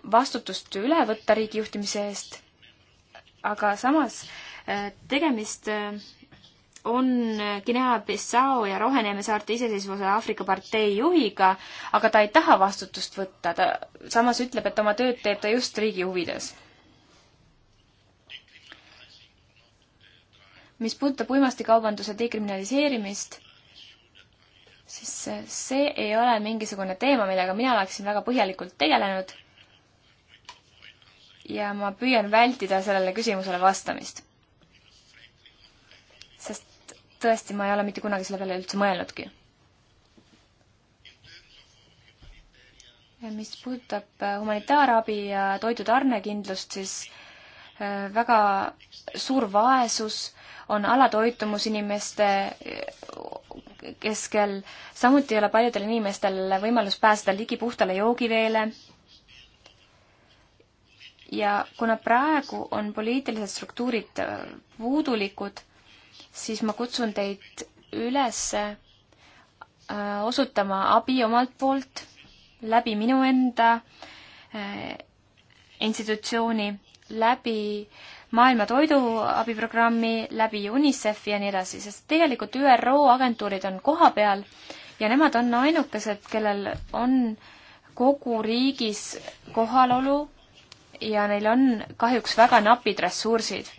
vastutust üle võtta riigi juhtimise eest, aga samas tegemist on Guinea-Bissau ja Roheneeme saarte iseseisvuse Aafrika partei juhiga, aga ta ei taha vastutust võtta, ta samas ütleb, et oma tööd teeb ta just riigi huvides. mis puudutab uimastikaubanduse dekriminaliseerimist siis see ei ole mingisugune teema, millega mina oleksin väga põhjalikult tegelenud. ja ma püüan vältida sellele küsimusele vastamist. sest tõesti, ma ei ole mitte kunagi selle peale üldse mõelnudki. mis puudutab äh, humanitaarabi ja toidutarnekindlust, siis äh, väga suur vaesus on alatoitumus inimeste äh, keskel, samuti ei ole paljudel inimestel võimalus pääseda ligi puhtale joogiveele. ja kuna praegu on poliitilised struktuurid äh, puudulikud, siis ma kutsun teid üles äh, osutama abi omalt poolt läbi minu enda äh, institutsiooni, läbi äh, Maailma Toiduabiprogrammi, läbi UNICEF-i ja nii edasi, sest tegelikult ÜRO agentuurid on kohapeal ja nemad on ainukesed, kellel on kogu riigis kohalolu ja neil on kahjuks väga napid ressursid.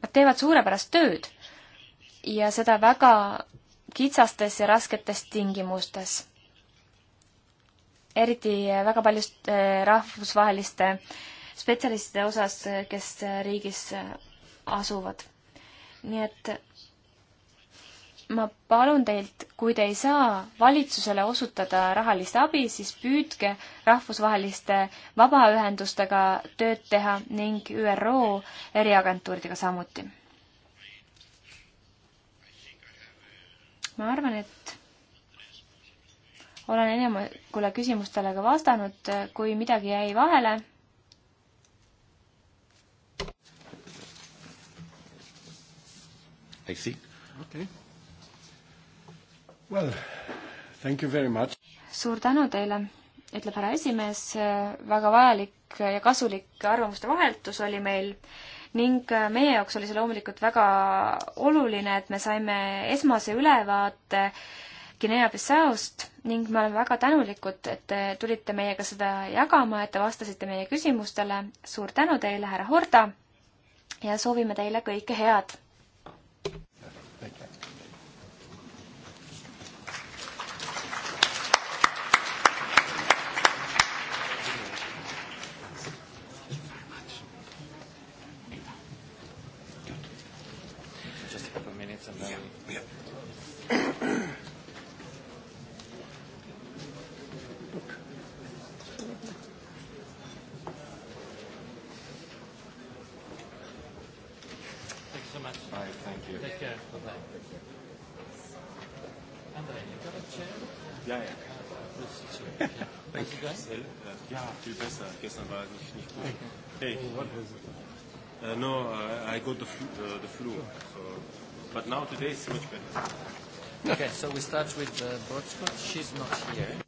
Nad teevad suurepärast tööd ja seda väga kitsastes ja rasketes tingimustes. eriti väga paljust eh, rahvusvaheliste äh, spetsialistide osas, kes riigis asuvad. nii et ma palun teilt, kui te ei saa valitsusele osutada rahalist abi, siis püüdke rahvusvaheliste vabaühendustega tööd teha ning ÜRO eriagentuuridega samuti. ma arvan, et olen enamikule küsimustele ka vastanud, kui midagi jäi vahele I think. okei okay.. Well, thank you very much. suur tänu teile, ütleb härra esimees, väga vajalik ja kasulik arvamuste vahetus oli meil ning meie jaoks oli see loomulikult väga oluline, et me saime esmase ülevaate Guinea-Bissaust ning me oleme väga tänulikud, et te tulite meiega seda jagama, et te vastasite meie küsimustele. suur tänu teile, härra Horda ja soovime teile kõike head! now today is so much better. Okay, so we start with uh, Brodskot. She's not here.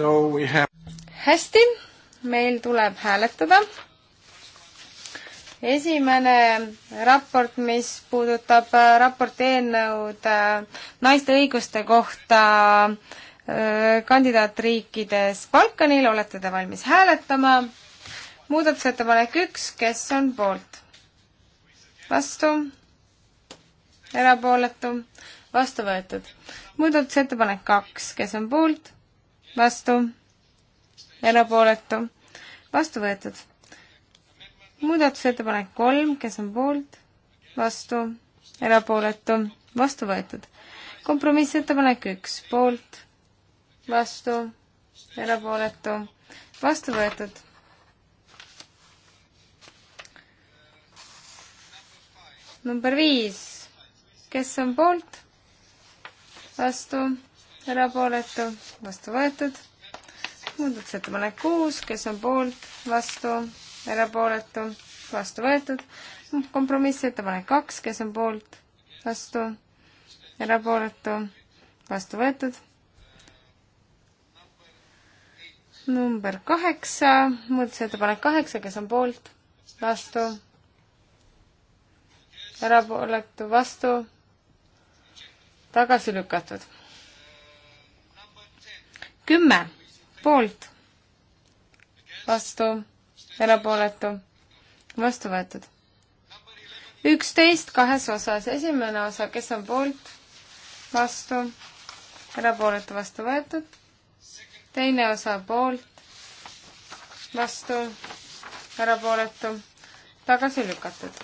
Have... hästi, meil tuleb hääletada. esimene raport, mis puudutab äh, raporti eelnõud äh, naiste õiguste kohta äh, kandidaatriikides Balkanil, olete te valmis hääletama? muudatusettepanek üks, kes on poolt? vastu? erapooletu? vastu võetud. muudatusettepanek kaks, kes on poolt? vastu, erapooletu, vastu võetud. muudatusettepanek kolm, kes on poolt, vastu, erapooletu, vastu võetud. kompromissettepanek üks, poolt, vastu, erapooletu, vastu võetud. number viis, kes on poolt, vastu erapooletu, vastu võetud. muudatusettepanek kuus, kes on poolt, vastu, erapooletu, vastu võetud. kompromissettepanek kaks, kes on poolt, vastu, erapooletu, vastu võetud. number kaheksa, muudatusettepanek kaheksa, kes on poolt, vastu, erapooletu, vastu, tagasi lükatud kümme poolt, vastu, erapooletu, vastu võetud. üksteist kahes osas, esimene osa, kes on poolt, vastu, erapooletu, vastu võetud. teine osa poolt, vastu, erapooletu, tagasi lükatud.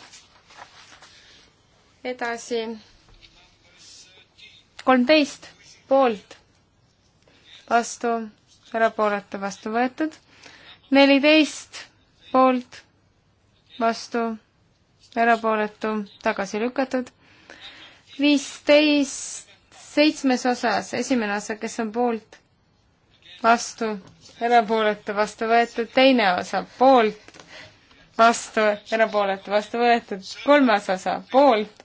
edasi, kolmteist poolt vastu, erapooletu, vastu võetud. neliteist poolt, vastu, erapooletu, tagasi lükatud. viisteist seitsmes osas, esimene osa, kes on poolt, vastu, erapooletu, vastu võetud, teine osa poolt, vastu, erapooletu, vastu võetud, kolmas osa poolt,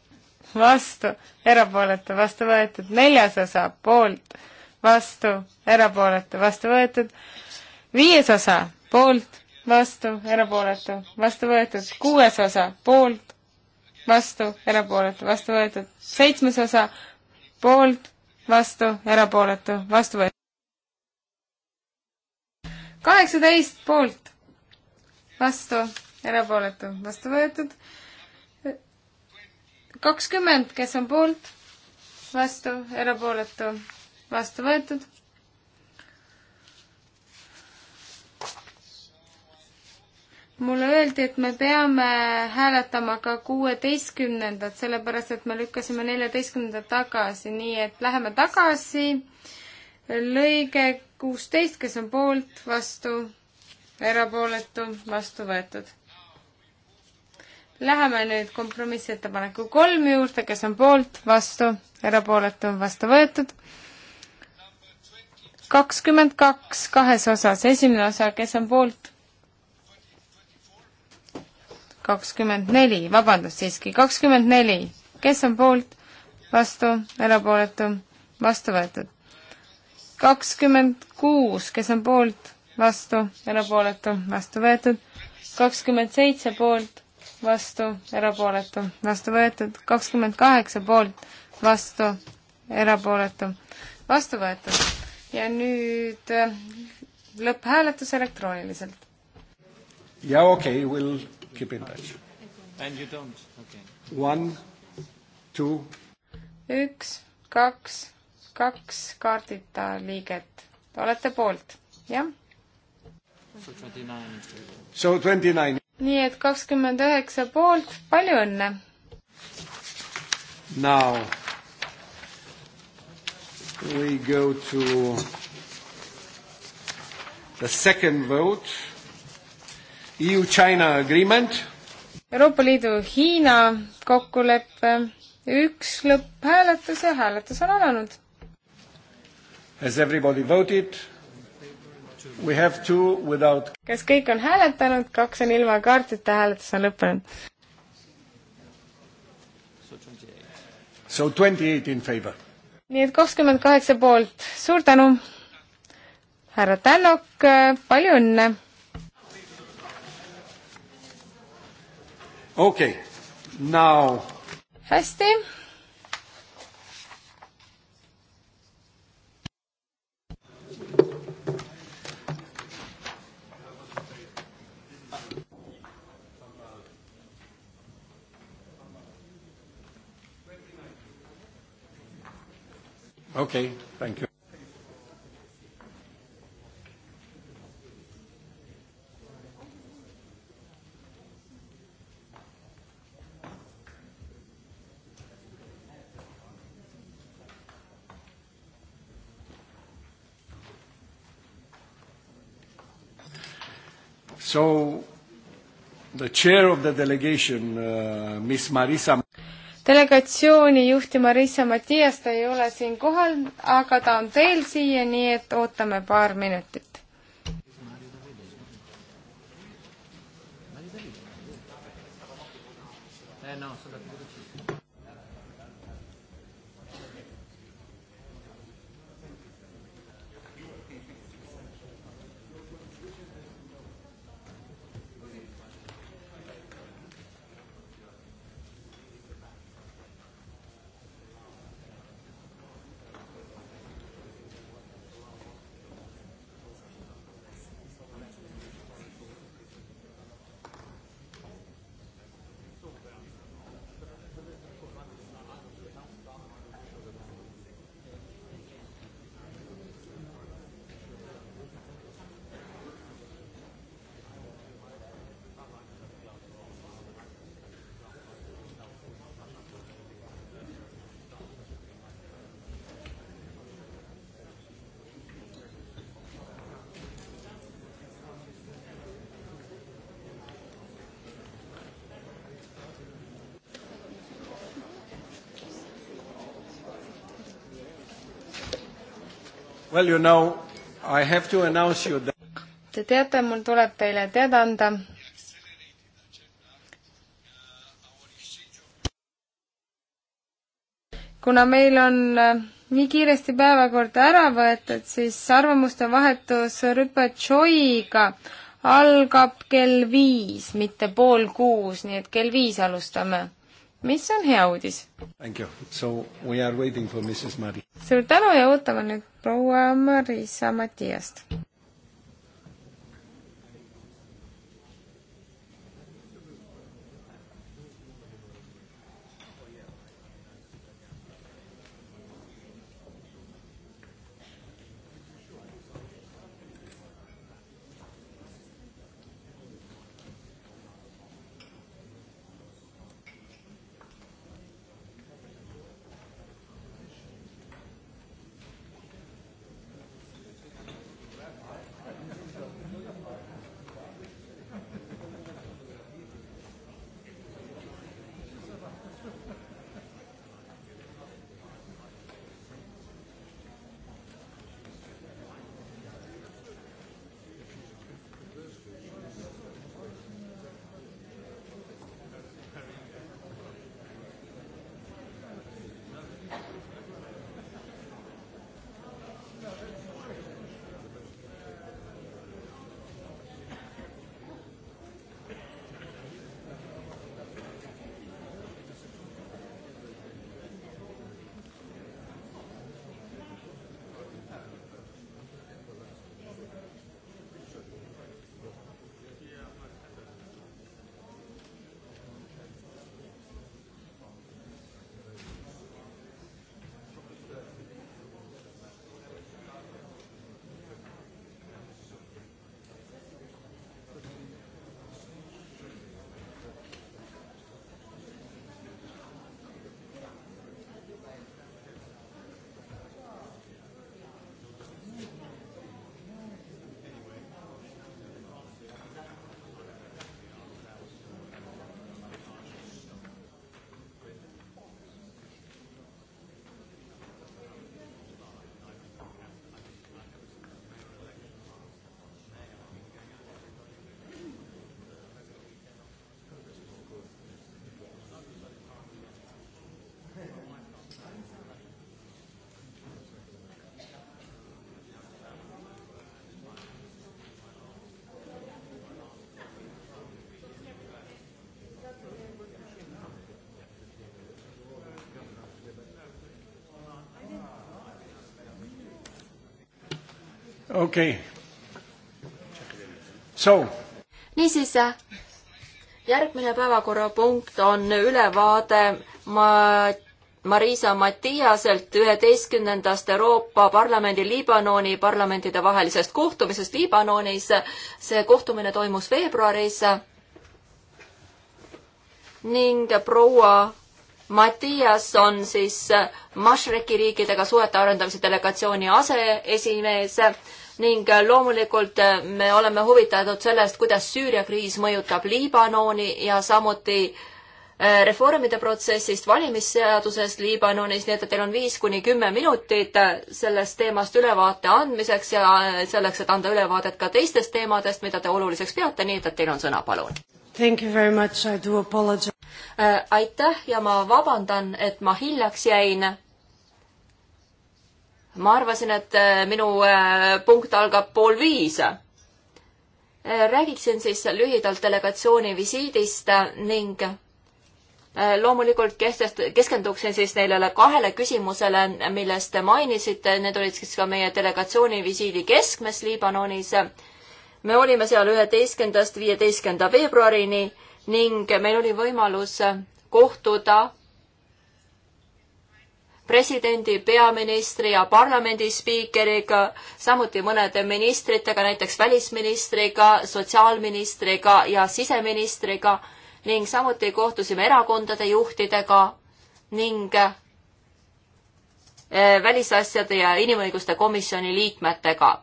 vastu, erapooletu, vastu võetud, neljas osa poolt vastu, erapooletu, vastu võetud. viies osa, poolt, vastu, erapooletu, vastu võetud. kuues osa, poolt, vastu, erapooletu, vastu võetud. seitsmes osa, poolt, vastu, erapooletu, vastu võetud. kaheksateist poolt, vastu, erapooletu, vastu võetud. kakskümmend, kes on poolt, vastu, erapooletu, vastu võetud. mulle öeldi, et me peame hääletama ka kuueteistkümnendat, sellepärast et me lükkasime neljateistkümnendat tagasi, nii et läheme tagasi. lõige kuusteist, kes on poolt, vastu, erapooletu, vastu võetud. Läheme nüüd kompromissettepaneku kolm juurde, kes on poolt, vastu, erapooletu, vastu võetud kakskümmend kaks kahes osas, esimene osa, kes on poolt? kakskümmend neli, vabandust siiski, kakskümmend neli, kes on poolt, vastu, erapooletu, vastu võetud. kakskümmend kuus, kes on poolt, vastu, erapooletu, vastu võetud. kakskümmend seitse poolt, vastu, erapooletu, vastu võetud. kakskümmend kaheksa poolt, vastu, erapooletu, vastu võetud ja nüüd äh, lõpphääletus elektrooniliselt. jaa, okei okay,, we will keep in touch. And you don't, okei okay.. One, two. üks, kaks, kaks kaardita liiget. olete poolt, jah? So twenty nine. nii et kakskümmend üheksa poolt, palju õnne! Now We go to the second vote. EU-China agreement. Euroopa Liidu Hiina kokkulepe, üks lõpphääletus ja hääletus on alanud. Has everybody voted? We have two without. kas kõik on hääletanud, kaks on ilma kaartita, hääletus on lõppenud. So twenty eight in favor nii et kakskümmend kaheksa poolt, suur tänu, härra Tännok, palju õnne! okei okay., now hästi okei okay,, thank you. So the chair of the delegation, uh, Ms. Marisa delegatsiooni juhti Marissa Matias, ta ei ole siin kohal, aga ta on teel siia, nii et ootame paar minutit. Well, you know, I have to announce you that Te teate, mul tuleb teile teada anda, kuna meil on äh, nii kiiresti päevakord ära võetud, siis arvamuste vahetus Rüpa Choiga algab kell viis, mitte pool kuus, nii et kell viis alustame mis on hea uudis. suur tänu ja ootame nüüd proua Marisa Matiast. okei okay.. So. niisiis, järgmine päevakorrapunkt on ülevaade ma-, Marisa Matiaselt üheteistkümnendast Euroopa Parlamendi Liibanoni parlamentide vahelisest kohtumisest Liibanonis. see kohtumine toimus veebruaris ning proua Matias on siis Mašreki riikidega suhete arendamise delegatsiooni aseesimees ning äh, loomulikult äh, me oleme huvitatud sellest, kuidas Süüria kriis mõjutab Liibanoni ja samuti äh, reformide protsessist, valimisseadusest Liibanonis, nii et teil on viis kuni kümme minutit sellest teemast ülevaate andmiseks ja selleks, et anda ülevaadet ka teistest teemadest, mida te oluliseks peate, nii et teil on sõna, palun. Thank you very much, I do apologize. aitäh ja ma vabandan, et ma hiljaks jäin ma arvasin, et äh, minu äh, punkt algab pool viis. Äh, räägiksin siis lühidalt delegatsiooni visiidist ning loomulikult kestest-, keskenduksin siis neile kahele küsimusele, millest te mainisite, need olid siis ka meie delegatsiooni visiidi keskmes Liibanonis. me olime seal üheteistkümnendast viieteistkümnenda veebruarini ning meil oli võimalus kohtuda presidendi, peaministri ja parlamendi spiikeriga, samuti mõnede ministritega, näiteks välisministriga, sotsiaalministriga ja siseministriga ning samuti kohtusime erakondade juhtidega ning eh, välisasjade ja inimõiguste komisjoni liikmetega.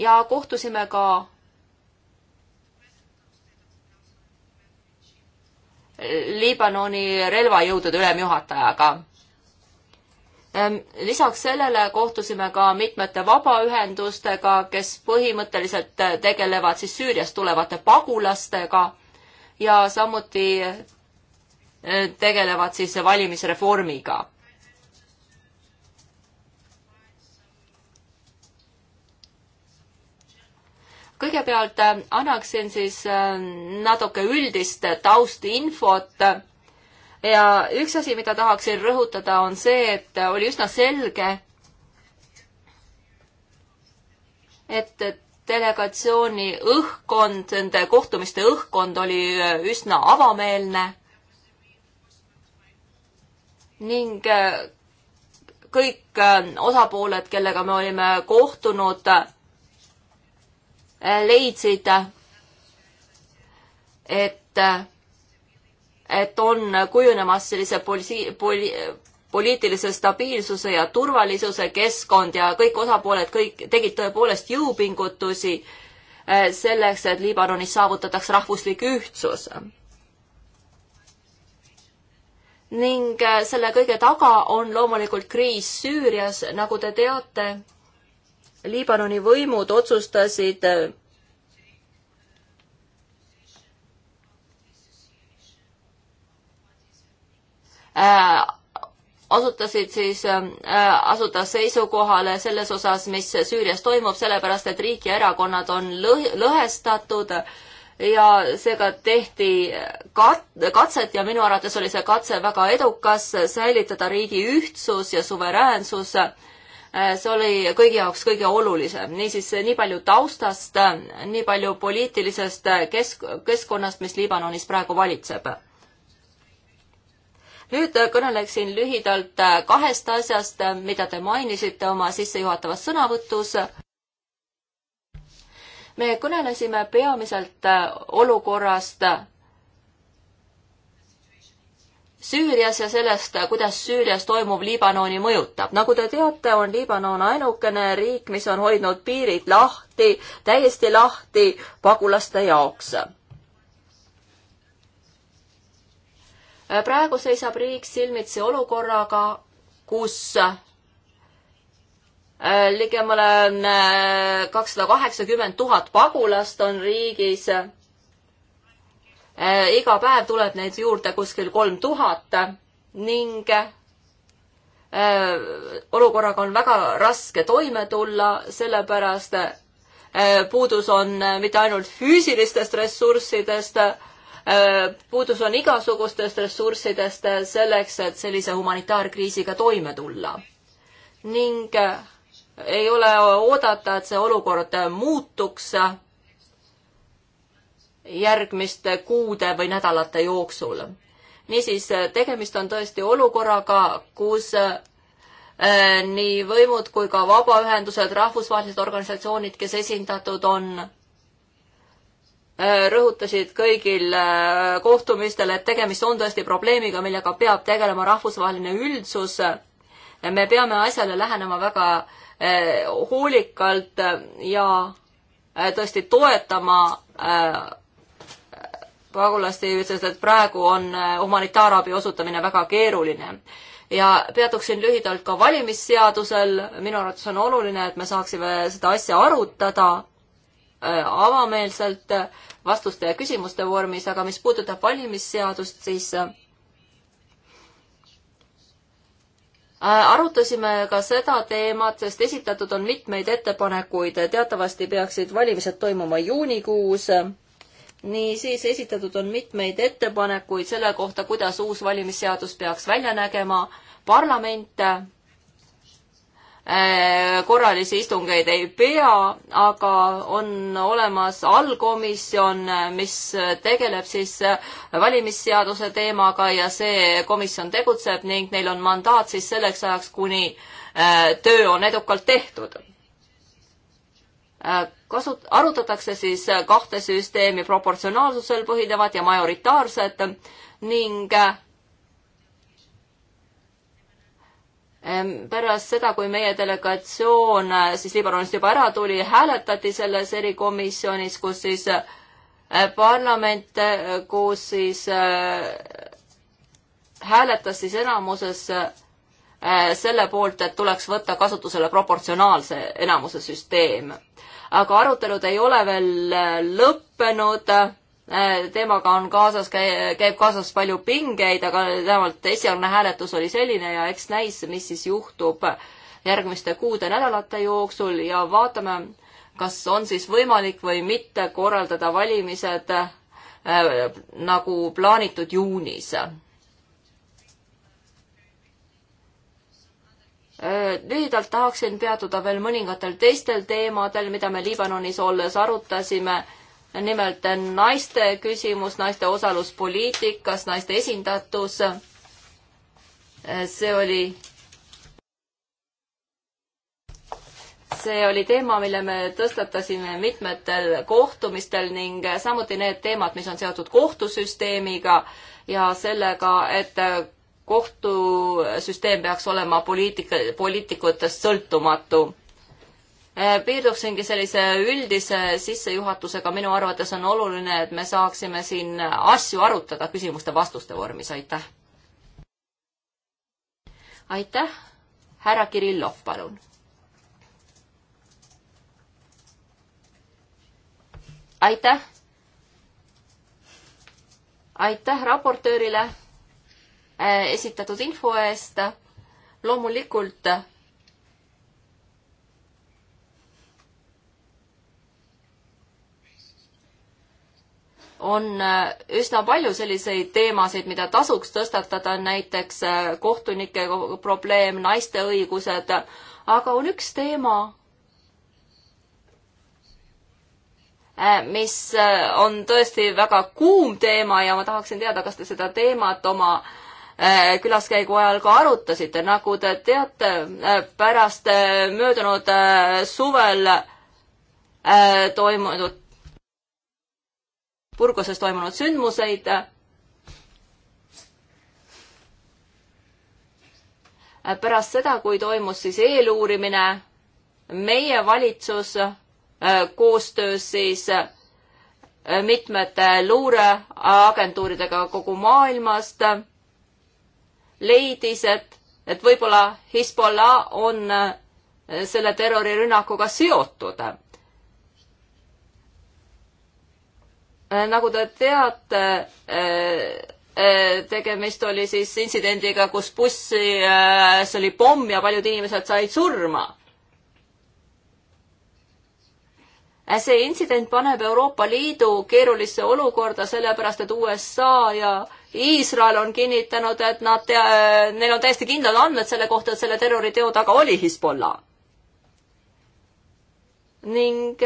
ja kohtusime ka eh, Liibanoni relvajõudude ülemjuhatajaga. Ehm, lisaks sellele kohtusime ka mitmete vabaühendustega, kes põhimõtteliselt eh, tegelevad siis Süüriast tulevate pagulastega ja samuti eh, tegelevad siis valimisreformiga. kõigepealt eh, annaksin siis natuke üldist taustinfot ja üks asi, mida tahaksin rõhutada, on see, et oli üsna selge, et delegatsiooni õhkkond, nende kohtumiste õhkkond oli üsna avameelne ning äh, kõik äh, osapooled, kellega me olime kohtunud, äh, leidsid, et et on kujunemas sellise poli-, poli-, poliitilise stabiilsuse ja turvalisuse keskkond ja kõik osapooled, kõik tegid tõepoolest jõupingutusi eh, selleks, et Liibanonis saavutataks rahvuslik ühtsus. ning eh, selle kõige taga on loomulikult kriis Süürias, nagu te teate, Liibanoni võimud otsustasid eh, Äh, asutasid siis äh,, asutas seisukohale selles osas, mis Süürias toimub, sellepärast et riik ja erakonnad on lõh-, lõhestatud ja seega tehti kat-, katset ja minu arvates oli see katse väga edukas, säilitada riigi ühtsus ja suveräänsus. Äh, see oli kõigi jaoks kõige olulisem, niisiis nii palju taustast, nii palju poliitilisest kesk-, keskkonnast, mis Liibanonis praegu valitseb nüüd kõneleksin lühidalt äh, kahest asjast, äh, mida te mainisite oma sissejuhatavas sõnavõtus. me kõnelesime peamiselt äh, olukorrast Süürias ja sellest, kuidas Süürias toimuv Liibanoni mõjutab. nagu te teate, on Liibanon ainukene riik, mis on hoidnud piirid lahti, täiesti lahti pagulaste jaoks praegu seisab riik silmitsi olukorraga, kus äh, ligemale äh, kakssada kaheksakümmend tuhat pagulast on riigis. Äh, iga päev tuleb neid juurde kuskil kolm tuhat ning olukorraga on väga raske toime tulla, sellepärast puudus on mitte ainult füüsilistest ressurssidest, puudus on igasugustest ressurssidest selleks, et sellise humanitaarkriisiga toime tulla. ning äh, ei ole oodata, et see olukord muutuks järgmiste kuude või nädalate jooksul. niisiis, tegemist on tõesti olukorraga, kus äh, nii võimud kui ka vabaühendused, rahvusvahelised organisatsioonid, kes esindatud on, Äh, rõhutasid kõigil äh, kohtumistel, et tegemist on tõesti probleemiga, millega peab tegelema rahvusvaheline üldsus. me peame asjale lähenema väga äh, hoolikalt ja tõesti toetama pagulasi, sest et praegu on humanitaarabi osutamine väga keeruline ja peatuksin lühidalt ka valimisseadusel, minu arvates on oluline, et me saaksime seda asja arutada Äh, avameelselt äh, vastuste ja küsimuste vormis, aga mis puudutab valimisseadust, siis äh, arutasime ka seda teemat, sest esitatud on mitmeid ettepanekuid, teatavasti peaksid valimised toimuma juunikuus. niisiis esitatud on mitmeid ettepanekuid selle kohta, kuidas uus valimisseadus peaks välja nägema. parlament Äh, korralisi istungeid ei pea, aga on olemas allkomisjon, mis tegeleb siis valimisseaduse teemaga ja see komisjon tegutseb ning neil on mandaat siis selleks ajaks, kuni äh, töö on edukalt tehtud. Äh, kasut-, arutatakse siis kahte süsteemi, proportsionaalsusel põhinevat ja majoritaarset ning pärast seda, kui meie delegatsioon äh, siis Liibanonist juba ära tuli, hääletati selles erikomisjonis, kus siis äh, parlament, äh, kus siis hääletas siis enamuses selle poolt, et tuleks võtta kasutusele proportsionaalse enamuse süsteem. aga arutelud ei ole veel lõppenud Äh, teemaga on kaasas, käib kaasas palju pingeid, aga vähemalt esialgne hääletus oli selline ja eks näis, mis siis juhtub järgmiste kuude-nädalate jooksul ja vaatame, kas on siis võimalik või mitte korraldada valimised äh, nagu plaanitud juunis äh, lühidalt tahaksin peatuda veel mõningatel teistel teemadel, mida me Liibanonis olles arutasime nimelt naiste küsimus, naiste osalus poliitikas, naiste esindatus. see oli, see oli teema, mille me tõstatasime mitmetel kohtumistel ning samuti need teemad, mis on seotud kohtusüsteemiga ja sellega, et kohtusüsteem peaks olema poliitika, poliitikutest sõltumatu Äh, piirduksingi sellise üldise sissejuhatusega, minu arvates on oluline, et me saaksime siin asju arutada küsimuste-vastuste vormis, aitäh. aitäh, härra Kirillov, palun. aitäh. aitäh raportöörile äh, esitatud info eest. loomulikult on äh, üsna palju selliseid teemasid, mida tasuks tõstatada, näiteks äh, kohtunike probleem, naiste õigused, aga on üks teema, äh, mis on tõesti väga kuum teema ja ma tahaksin teada, kas te seda teemat oma külaskäigu ajal ka arutasite, nagu te teate, pärast möödunud suvel toimunud Burgoses toimunud sündmuseid. pärast seda, kui toimus siis eeluurimine, meie valitsus äh, koostöös siis äh, mitmete luureagentuuridega kogu maailmast leidis, et, et võib-olla Hezbollah on äh, selle terrorirünnakuga seotud Äh, nagu te teate, äh, äh, tegemist oli siis intsidendiga, kus bussis oli pomm ja paljud inimesed said surma. see intsident paneb Euroopa Liidu keerulisse olukorda, sellepärast et USA ja Iisrael on kinnitanud, et nad, neil on täiesti kindlad andmed selle kohta, et selle terroriteo taga oli Hezbollah. ning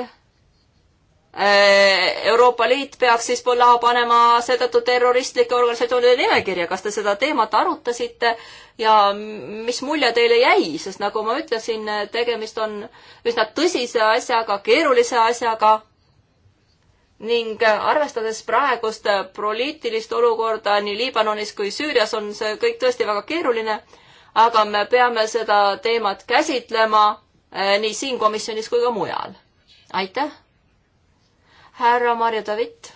Äh, Euroopa Liit peaks Hezbollah panema seetõttu terroristlike organisatsioonide nimekirja, kas te seda teemat arutasite ja mis mulje teile jäi, sest nagu ma ütlesin, tegemist on üsna tõsise asjaga, keerulise asjaga ning arvestades praegust poliitilist olukorda nii Liibanonis kui Süürias, on see kõik tõesti väga keeruline, aga me peame seda teemat käsitlema äh, nii siin komisjonis kui ka mujal. aitäh! härra Marju David.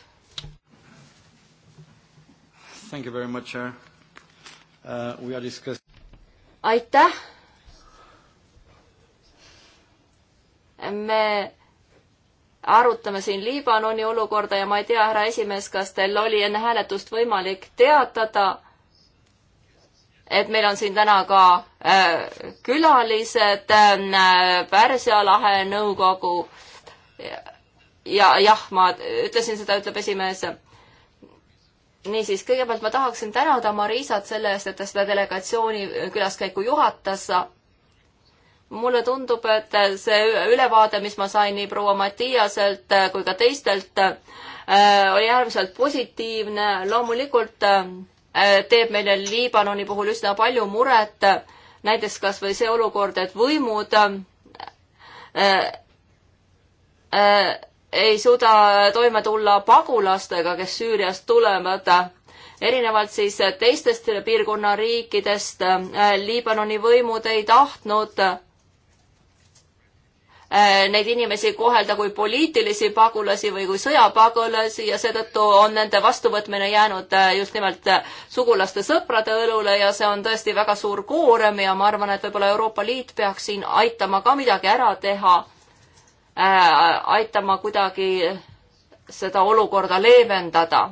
Thank you very much, sir uh,. We are discuss-. aitäh. me arutame siin Liibanoni olukorda ja ma ei tea, härra esimees, kas teil oli enne hääletust võimalik teatada, et meil on siin täna ka äh, külalised äh, Pärsia lahe nõukogu äh, ja jah, ma ütlesin seda, ütleb esimees. niisiis, kõigepealt ma tahaksin tänada Marisat selle eest, et ta seda delegatsiooni külaskäiku juhatas mulle tundub, et see ülevaade, mis ma sain nii proua Mattiaselt kui ka teistelt, äh, oli äärmiselt positiivne. loomulikult äh, teeb meile Liibanoni puhul üsna palju muret, näiteks kas või see olukord, et võimud äh, ei suuda toime tulla pagulastega, kes Süüriast tulevad. erinevalt siis teistest piirkonna riikidest, äh, Liibanoni võimud ei tahtnud äh, neid inimesi kohelda kui poliitilisi pagulasi või kui sõjapagulasi ja seetõttu on nende vastuvõtmine jäänud äh, just nimelt sugulaste sõprade õlule ja see on tõesti väga suur koorem ja ma arvan, et võib-olla Euroopa Liit peaks siin aitama ka midagi ära teha Äh, aitama kuidagi seda olukorda leevendada.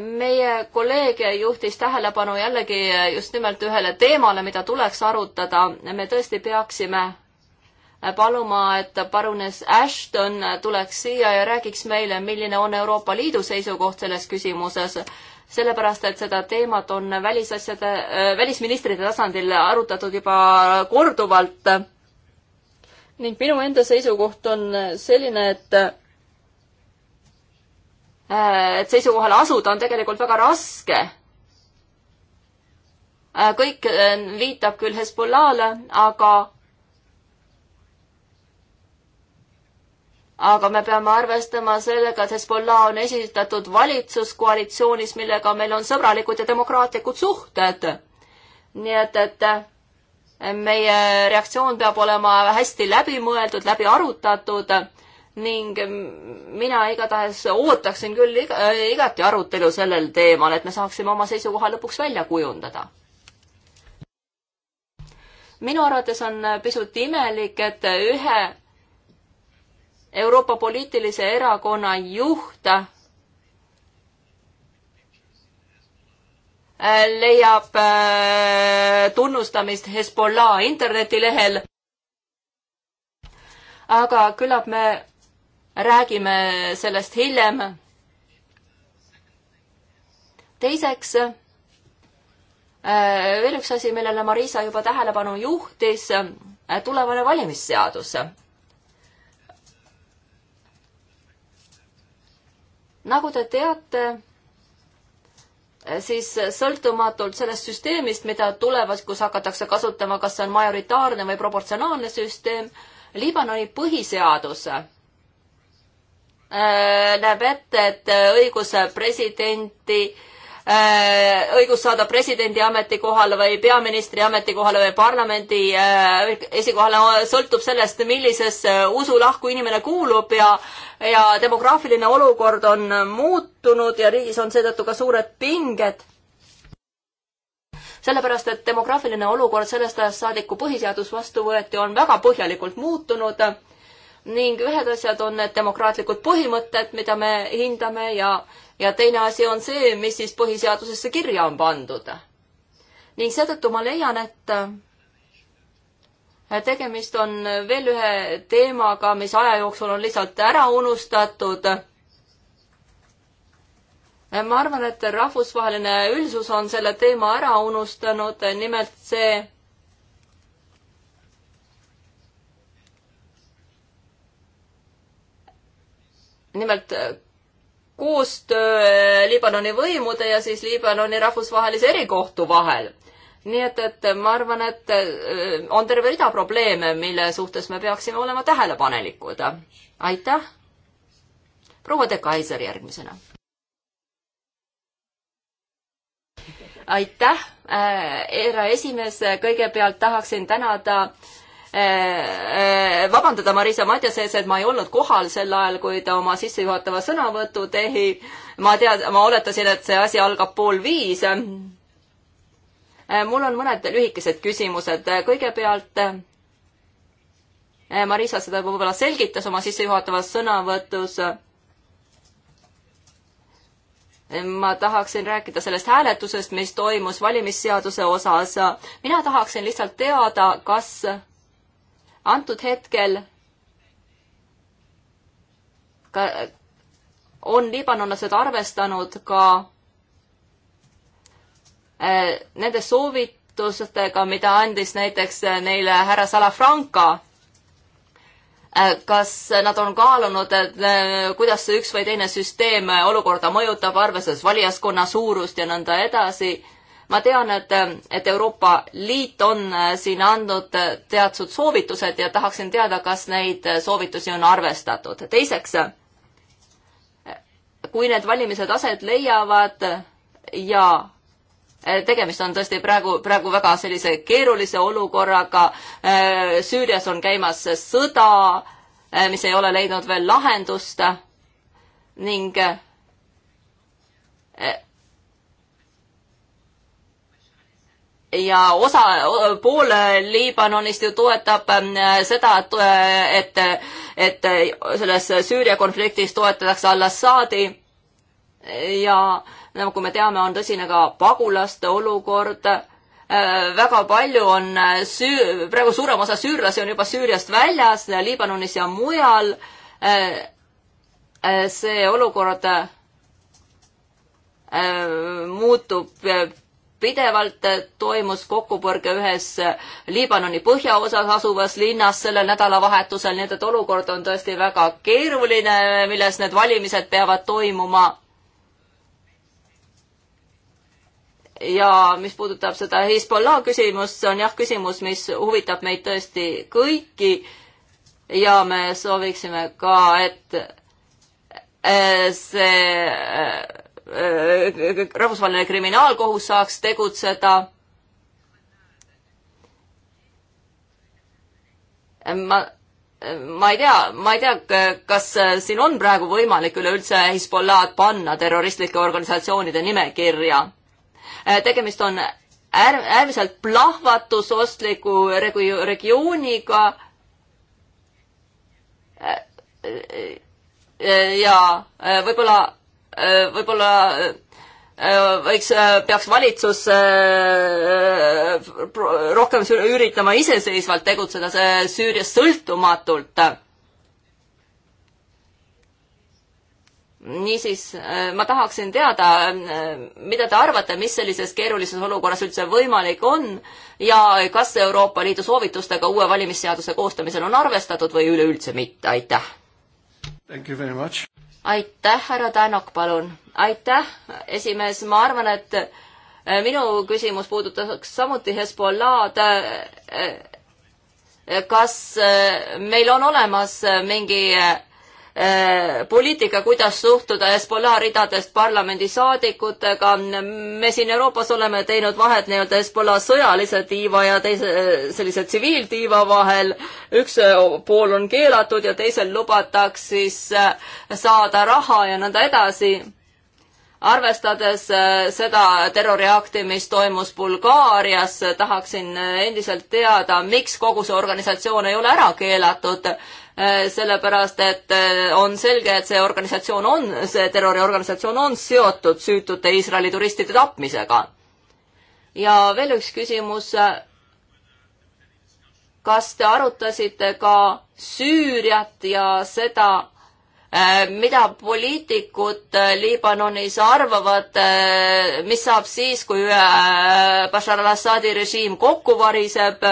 meie kolleeg juhtis tähelepanu jällegi just nimelt ühele teemale, mida tuleks arutada. me tõesti peaksime paluma, et parunes Ashton tuleks siia ja räägiks meile, milline on Euroopa Liidu seisukoht selles küsimuses sellepärast et seda teemat on välisasjade, äh, välisministrite tasandil arutatud juba korduvalt. ning minu enda seisukoht on selline, et äh, et seisukohale asuda on tegelikult väga raske. Äh, kõik viitab küll Hezbollah'le, aga aga me peame arvestama sellega, et Hezbollah on esitatud valitsuskoalitsioonis, millega meil on sõbralikud ja demokraatlikud suhted. nii et, et meie reaktsioon peab olema hästi läbimõeldud, läbi arutatud ning mina igatahes ootaksin küll iga, igati arutelu sellel teemal, et me saaksime oma seisukoha lõpuks välja kujundada minu arvates on pisut imelik, et ühe Euroopa poliitilise erakonna juht äh, leiab äh, tunnustamist Hezbollah internetilehel. aga küllap me räägime sellest hiljem. teiseks, äh, veel üks asi, millele Marisa juba tähelepanu juhtis, tulevane valimisseadus nagu te teate, eh, siis sõltumatult sellest süsteemist, mida tulevikus hakatakse kasutama, kas see on majoritaarne või proportsionaalne süsteem, Liibanoni põhiseadus eh, näeb ette, et õiguse presidenti Äh, õigus saada presidendi ametikohale või peaministri ametikohale või parlamendi äh, esikohale sõltub sellest, millisesse usulahku inimene kuulub ja ja demograafiline olukord on muutunud ja riigis on seetõttu ka suured pinged sellepärast, et demograafiline olukord sellest ajast saadik, kui põhiseadus vastu võeti, on väga põhjalikult muutunud ning ühed asjad on need demokraatlikud põhimõtted, mida me hindame ja ja teine asi on see, mis siis põhiseadusesse kirja on pandud. ning seetõttu ma leian, et tegemist on veel ühe teemaga, mis aja jooksul on lihtsalt ära unustatud. ma arvan, et rahvusvaheline üldsus on selle teema ära unustanud, nimelt see, nimelt koostöö eh, Liibanoni võimude ja siis Liibanoni rahvusvahelise erikohtu vahel. nii et, et ma arvan, et eh, on terve rida probleeme, mille suhtes me peaksime olema tähelepanelikud. aitäh. proua de Kaiser järgmisena. aitäh, eh, härra esimees, kõigepealt tahaksin tänada äh, Äh, äh, vabandada Marisa Matjase ees, et ma ei olnud kohal sel ajal, kui ta oma sissejuhatava sõnavõtu tegi. ma tead, ma oletasin, et see asi algab pool viis. Äh, mul on mõned lühikesed küsimused. kõigepealt Marisa seda võib-olla selgitas oma sissejuhatavas sõnavõtus ma tahaksin rääkida sellest hääletusest, mis toimus valimisseaduse osas. mina tahaksin lihtsalt teada, kas antud hetkel ka, on liibanonlased arvestanud ka äh, nende soovitustega, mida andis näiteks neile härra Salafranca. Äh, kas nad on kaalunud, et äh, kuidas see üks või teine süsteem olukorda mõjutab, arvestades valijaskonna suurust ja nõnda edasi ma tean, et, et Euroopa Liit on äh, siin andnud äh, teatud soovitused ja tahaksin teada, kas neid äh, soovitusi on arvestatud. teiseks, kui need valimised aset leiavad ja tegemist on tõesti praegu, praegu väga sellise keerulise olukorraga, Süürias on käimas sõda, mis ei ole leidnud veel lahendust ning ja osa, pool Liibanonist ju toetab ähm, seda, et, et selles Süüria konfliktis toetatakse al-Assadi ja nagu me teame, on tõsine ka pagulaste olukord. Äh, väga palju on süü-, praegu suurem osa süürlasi on juba Süüriast väljas, Liibanonis ja mujal. Äh, äh, see olukord muutub pidevalt toimus kokkupõrge ühes Liibanoni põhjaosas asuvas linnas sellel nädalavahetusel, nii et, et olukord on tõesti väga keeruline, milles need valimised peavad toimuma. ja mis puudutab seda Hezbollah küsimust, see on jah küsimus, mis huvitab meid tõesti kõiki ja me sooviksime ka, et see Äh, rahvusvaheline kriminaalkohus saaks tegutseda. ma, ma ei tea, ma ei tea, kas siin on praegu võimalik üleüldse Hezbollah'd panna terroristlike organisatsioonide nimekirja. Äh, tegemist on äär-, äärmiselt plahvatusostliku regu-, regiooniga äh, ja võib-olla Äh, võib-olla äh, äh, võiks, peaks valitsus rohkem üritama iseseisvalt tegutseda Süüriast sõltumatult. niisiis, ma tahaksin teada, mida te arvate, mis sellises keerulises olukorras üldse võimalik on ja kas Euroopa Liidu soovitustega uue valimisseaduse koostamisel on arvestatud või üleüldse mitte, aitäh! aitäh, härra Tänok, palun. aitäh, esimees, ma arvan, et äh, minu küsimus puudutaks samuti Hezbollah'd. Äh, äh, kas meil on olemas mingi Äh, poliitika, kuidas suhtuda Hezbollah ridadest parlamendisaadikutega. me siin Euroopas oleme teinud vahet nii-öelda Hezbollah sõjalise tiiva ja teise sellise tsiviiltiiva vahel. üks pool on keelatud ja teisel lubataks siis äh, saada raha ja nõnda edasi arvestades äh, seda terroriakti, mis toimus Bulgaarias, tahaksin endiselt teada, miks kogu see organisatsioon ei ole ära keelatud. Äh, sellepärast et äh, on selge, et see organisatsioon on, see terroriorganisatsioon on seotud süütute Iisraeli turistide tapmisega. ja veel üks küsimus. kas te arutasite ka Süüriat ja seda, äh, mida poliitikud Liibanonis arvavad, mis saab siis, kui Bashar al-Assadi režiim kokku variseb?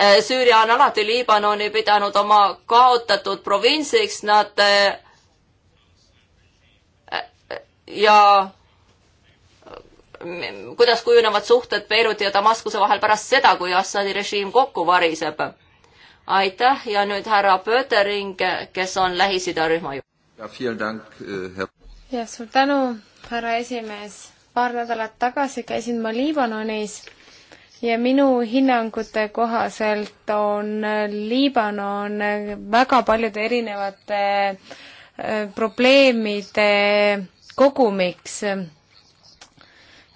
Eh, Süüria on alati Liibanoni pidanud oma kaotatud provintsiks, nad eh, eh, ja mm, kuidas kujunevad suhted Beiruti ja Damaskuse vahel pärast seda, kui Assadi režiim kokku variseb. aitäh ja nüüd härra Pöötering, kes on Lähis-Ida rühma juht. jah, suur tänu, härra esimees. paar nädalat tagasi käisin ma Liibanonis ja minu hinnangute kohaselt on Liibanon väga paljude erinevate äh, probleemide kogumiks äh,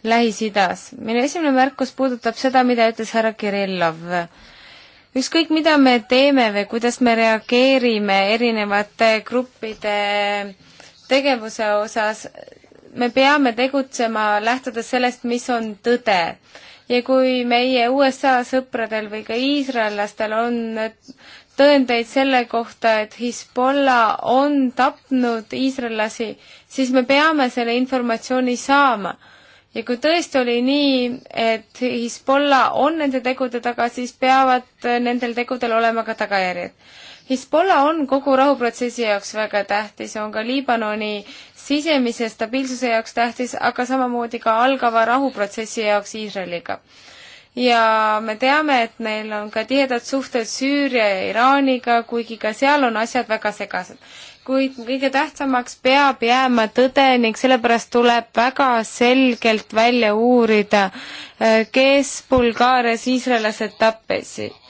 Lähis-Idas. minu esimene märkus puudutab seda, mida ütles härra Kirillov ükskõik, mida me teeme või kuidas me reageerime erinevate gruppide tegevuse osas, me peame tegutsema lähtudes sellest, mis on tõde ja kui meie USA sõpradel või ka iisraellastel on tõendeid selle kohta, et Hezbollah on tapnud iisraellasi, siis me peame selle informatsiooni saama. ja kui tõesti oli nii, et Hezbollah on nende tegude taga, siis peavad nendel tegudel olema ka tagajärjed Hezbollah on kogu rahuprotsessi jaoks väga tähtis, on ka Liibanoni sisemise stabiilsuse jaoks tähtis, aga samamoodi ka algava rahuprotsessi jaoks Iisraeliga. ja me teame, et neil on ka tihedad suhted Süüria ja Iraaniga, kuigi ka seal on asjad väga segased. kuid kõige tähtsamaks peab jääma tõde ning sellepärast tuleb väga selgelt välja uurida, eh, kes Bulgaarias iisraellased tappisid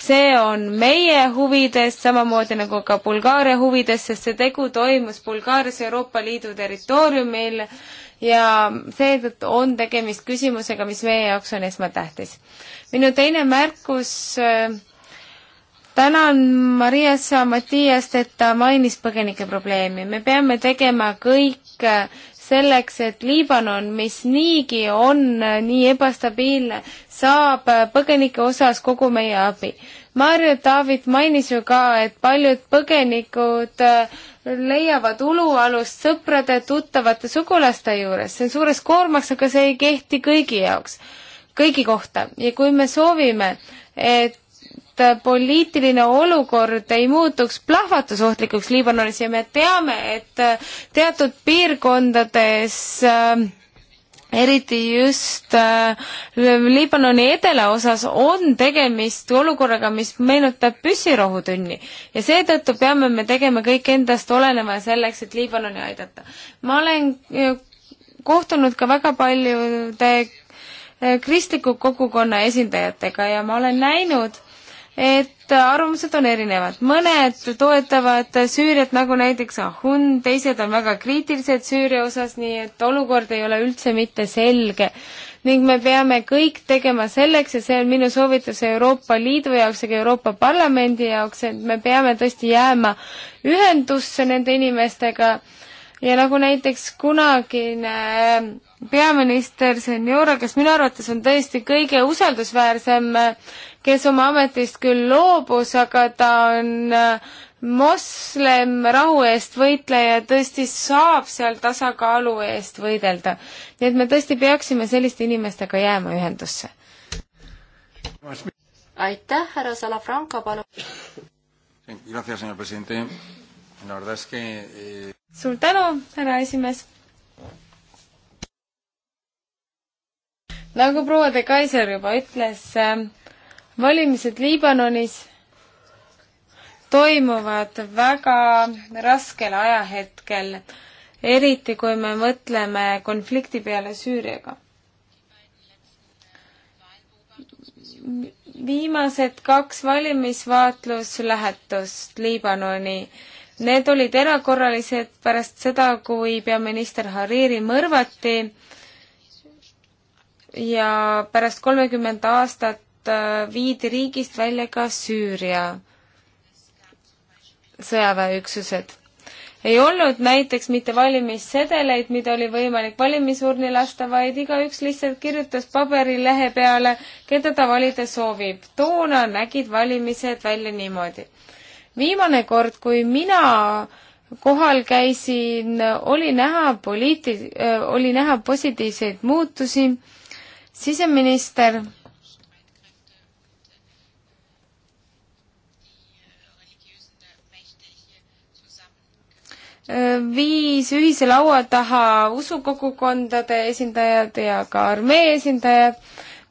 see on meie huvides, samamoodi nagu ka Bulgaaria huvides, sest see tegu toimus Bulgaarias Euroopa Liidu territooriumil ja seetõttu on tegemist küsimusega, mis meie jaoks on esmatähtis. minu teine märkus tänan Mariassa Matiast, et ta mainis põgenike probleemi. me peame tegema kõik selleks, et Liibanon, mis niigi on äh, nii ebastabiilne, saab äh, põgenike osas kogu meie abi. Marju Taavit mainis ju ka, et paljud põgenikud äh, leiavad ulualust sõprade, tuttavate, sugulaste juures. see on suures koormaks, aga see ei kehti kõigi jaoks, kõigi kohta. ja kui me soovime, et poliitiline olukord ei muutuks plahvatusohtlikuks Liibanonis ja me teame, et teatud piirkondades äh, eriti just äh, Liibanoni edelaosas on tegemist olukorraga, mis meenutab püssirohutünni ja seetõttu peame me tegema kõik endast oleneva selleks, et Liibanoni aidata. ma olen äh, kohtunud ka väga paljude kristliku kogukonna esindajatega ja ma olen näinud, et arvamused on erinevad. mõned toetavad Süüriat nagu näiteks Ahun, teised on väga kriitilised Süüria osas, nii et olukord ei ole üldse mitte selge. ning me peame kõik tegema selleks ja see on minu soovitus Euroopa Liidu jaoks ja ka Euroopa Parlamendi jaoks, et me peame tõesti jääma ühendusse nende inimestega ja nagu näiteks kunagine äh, peaminister Senora, kes minu arvates on tõesti kõige usaldusväärsem, äh, kes oma ametist küll loobus, aga ta on äh, moslem, rahu eest võitleja, tõesti saab seal tasakaalu eest võidelda. nii et me tõesti peaksime selliste inimestega jääma ühendusse. aitäh, härra Salafranco, palun. Eh, suur tänu, härra esimees. nagu proua de Kaiser juba ütles, ähm, valimised Liibanonis toimuvad väga raskel ajahetkel, eriti kui me mõtleme konflikti peale Süüriaga. viimased kaks valimisvaatluslähetust Liibanoni Need olid erakorralised pärast seda, kui peaminister Hariri mõrvati ja pärast kolmekümmend aastat äh, viidi riigist välja ka Süüria sõjaväeüksused. ei olnud näiteks mitte valimissedeleid, mida oli võimalik valimisurni lasta, vaid igaüks lihtsalt kirjutas paberilehe peale, keda ta valida soovib. toona nägid valimised välja niimoodi viimane kord, kui mina kohal käisin, oli näha poliiti-, oli näha positiivseid muutusi, siseminister viis ühise laua taha usukogukondade esindajad ja ka armee esindajad.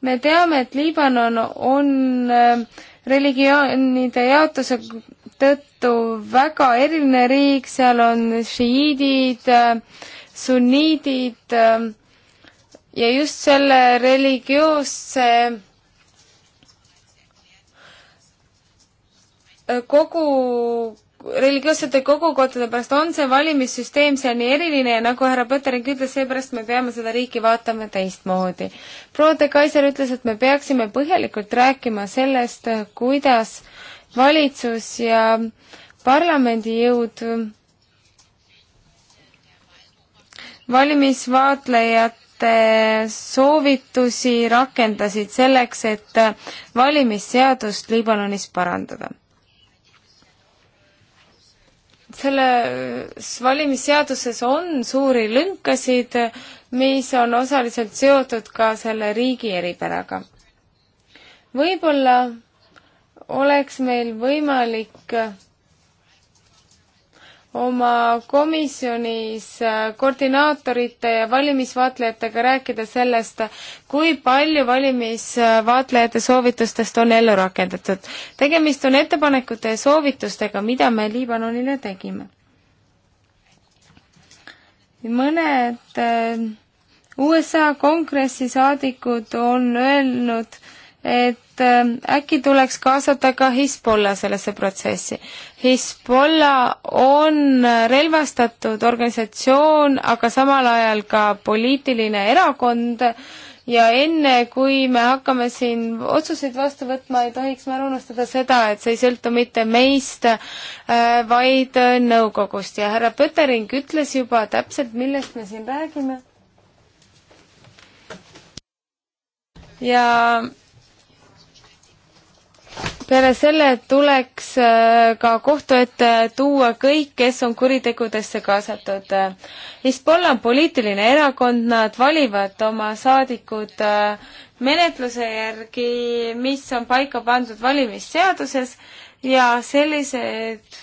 me teame, et Liibanon on äh, religioonide jaotuse tõttu väga eriline riik, seal on šiiidid, sunniidid ja just selle religioosse kogu, religioossete kogukondade pärast on see valimissüsteem seal nii eriline ja nagu härra Põtering ütles, seepärast me peame seda riiki vaatama teistmoodi. proua de Kaiser ütles, et me peaksime põhjalikult rääkima sellest, kuidas valitsus ja parlamendijõud valimisvaatlejate soovitusi rakendasid selleks, et valimisseadust Liibanonis parandada. selles valimisseaduses on suuri lünkasid, mis on osaliselt seotud ka selle riigi eripäraga. võib-olla oleks meil võimalik oma komisjonis koordinaatorite ja valimisvaatlejatega rääkida sellest, kui palju valimisvaatlejate soovitustest on ellu rakendatud. tegemist on ettepanekute ja soovitustega, mida me Liibanonile tegime. mõned äh, USA kongressi saadikud on öelnud, et äh, äkki tuleks kaasata ka Hezbollah sellesse protsessi. Hezbollah on relvastatud organisatsioon, aga samal ajal ka poliitiline erakond ja enne, kui me hakkame siin otsuseid vastu võtma, ei tohiks me ära unustada seda, et see ei sõltu mitte meist, äh, vaid nõukogust ja härra Pöttering ütles juba täpselt, millest me siin räägime. ja peale selle tuleks äh, ka kohtu ette tuua kõik, kes on kuritegudesse kaasatud. Hezbollah on poliitiline erakond, nad valivad oma saadikud äh, menetluse järgi, mis on paika pandud valimisseaduses ja sellised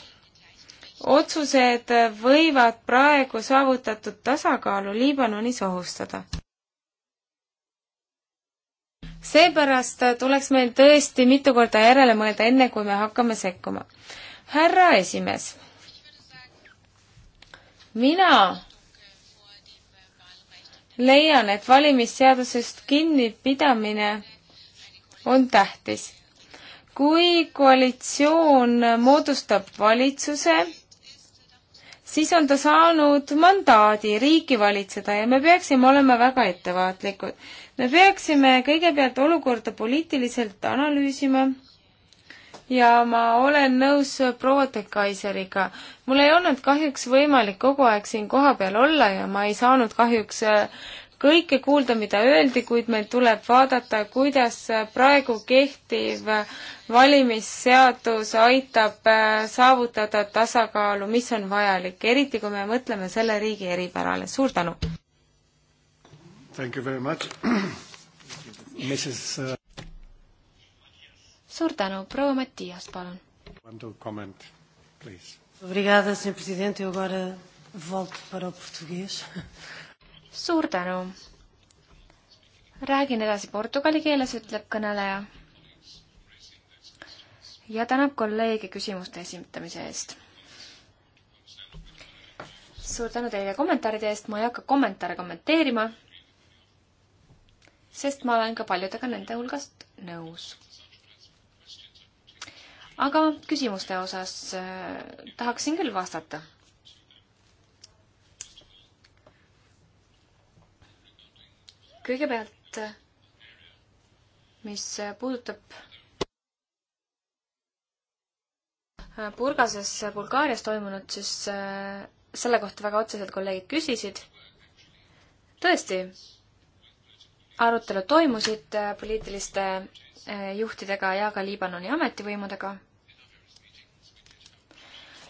otsused võivad praegu saavutatud tasakaalu Liibanonis ohustada seepärast äh, tuleks meil tõesti mitu korda järele mõelda, enne kui me hakkame sekkuma. härra esimees, mina leian, et valimisseadusest kinnipidamine on tähtis. kui koalitsioon moodustab valitsuse, siis on ta saanud mandaadi riiki valitseda ja me peaksime olema väga ettevaatlikud me peaksime kõigepealt olukorda poliitiliselt analüüsima ja ma olen nõus proua de Kaiseriga. mul ei olnud kahjuks võimalik kogu aeg siin kohapeal olla ja ma ei saanud kahjuks äh, kõike kuulda, mida öeldi, kuid meil tuleb vaadata, kuidas praegu kehtiv valimisseadus aitab äh, saavutada tasakaalu, mis on vajalik, eriti kui me mõtleme selle riigi eripärale. suur tänu! Thank you very much. Mrs. Uh, suur tänu, proua Mattias, palun. One to comment, please. Obrigada, senhor presidente. Eu agora volto para o português. Suur tänu. Räägin edasi portugali keeles, ütleb kõneleja. Ja tänab kolleege küsimuste esimetamise eest suur tänu teile kommentaaride eest, ma ei hakka kommentaare kommenteerima sest ma olen ka paljudega nende hulgast nõus. aga küsimuste osas äh, tahaksin küll vastata. kõigepealt, mis puudutab Burgases Bulgaarias toimunud, siis äh, selle kohta väga otseselt kolleegid küsisid. tõesti, arutelud toimusid äh, poliitiliste äh, juhtidega ja ka Liibanoni ametivõimudega.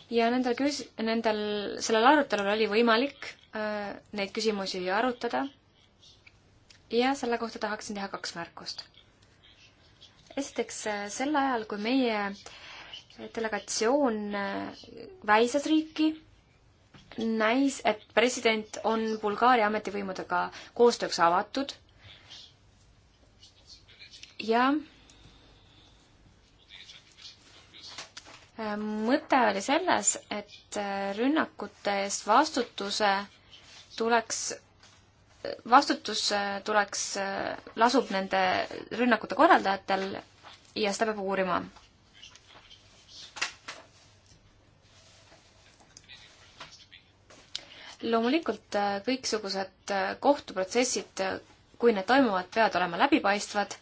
ja nendel küs-, nendel, sellel arutelul oli võimalik äh, neid küsimusi arutada. ja selle kohta tahaksin teha kaks märkust. esiteks, äh, sel ajal, kui meie delegatsioon väisas riiki, näis, et president on Bulgaaria ametivõimudega koostööks avatud ja äh, mõte oli selles, et äh, rünnakute eest vastutuse tuleks, vastutus äh, tuleks, lasub nende rünnakute korraldajatel ja seda peab uurima. loomulikult kõiksugused kohtuprotsessid, kui need toimuvad, peavad olema läbipaistvad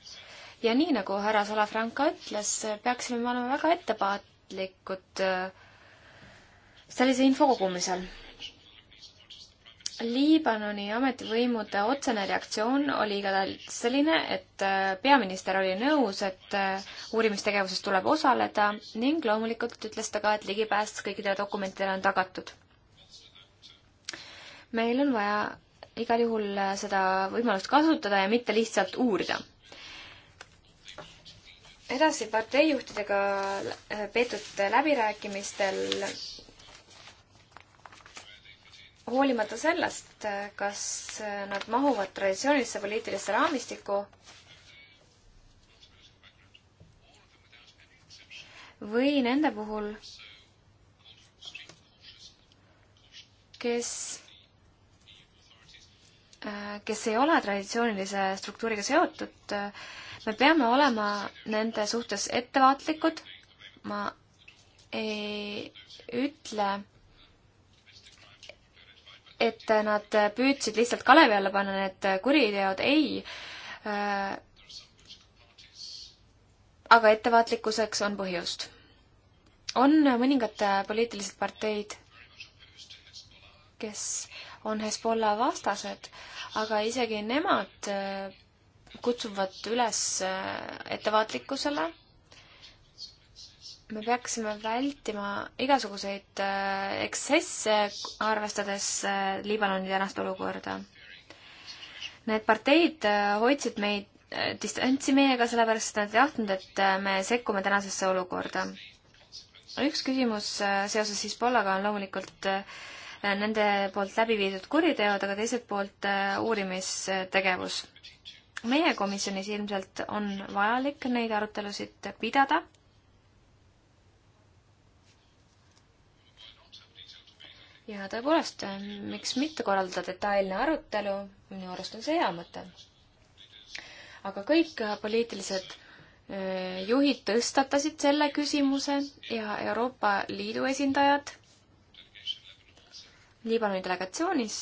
ja nii, nagu härra Salafranca ütles, peaksime me olema väga ettevaatlikud äh, sellise info kogumisel. Liibanoni ametivõimude otsene reaktsioon oli igatahes selline, et äh, peaminister oli nõus, et äh, uurimistegevuses tuleb osaleda ning loomulikult ütles ta ka, et ligipääs kõikidele dokumentidele on tagatud. meil on vaja igal juhul seda võimalust kasutada ja mitte lihtsalt uurida edasi parteijuhtidega äh, peetud läbirääkimistel hoolimata sellest, äh, kas äh, nad mahuvad traditsioonilisse poliitilisse raamistikku või nende puhul, kes, kes ei ole traditsioonilise struktuuriga seotud, me peame olema nende suhtes ettevaatlikud, ma ei ütle, et nad püüdsid lihtsalt kalevi alla panna need kuriteod, ei. aga ettevaatlikkuseks on põhjust. on mõningad poliitilised parteid, kes on Hezbollah vastased, aga isegi nemad kutsuvad üles äh, ettevaatlikkusele. me peaksime vältima igasuguseid äh, eksesse, arvestades äh, Liibanoni tänast olukorda. Need parteid hoidsid meid, distantsi meiega, sellepärast et nad ei tahtnud, et me sekkume tänasesse olukorda. üks küsimus seoses Hezbollaga on loomulikult nende poolt läbi viidud kuriteod, aga teiselt poolt uurimistegevus meie komisjonis ilmselt on vajalik neid arutelusid pidada. ja tõepoolest, miks mitte korraldada detailne arutelu, minu arust on see hea mõte. aga kõik poliitilised eh, juhid tõstatasid selle küsimuse ja Euroopa Liidu esindajad Liibanoni delegatsioonis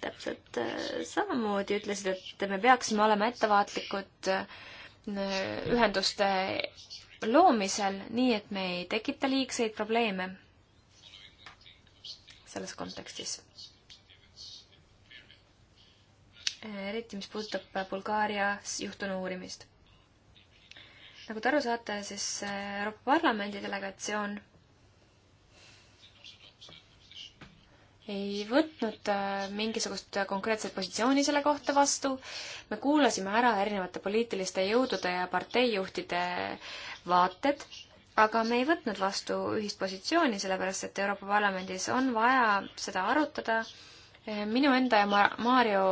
täpselt äh, samamoodi ütlesid, et me peaksime olema ettevaatlikud äh, ühenduste loomisel, nii et me ei tekita liigseid probleeme selles kontekstis. eriti, mis puudutab Bulgaarias juhtunu uurimist. nagu te aru saate, siis äh, Euroopa Parlamendi delegatsioon ei võtnud äh, mingisugust konkreetset positsiooni selle kohta vastu. me kuulasime ära erinevate poliitiliste jõudude ja parteijuhtide vaated, aga me ei võtnud vastu ühist positsiooni, sellepärast et Euroopa Parlamendis on vaja seda arutada. Äh, minu enda ja Ma-, Mario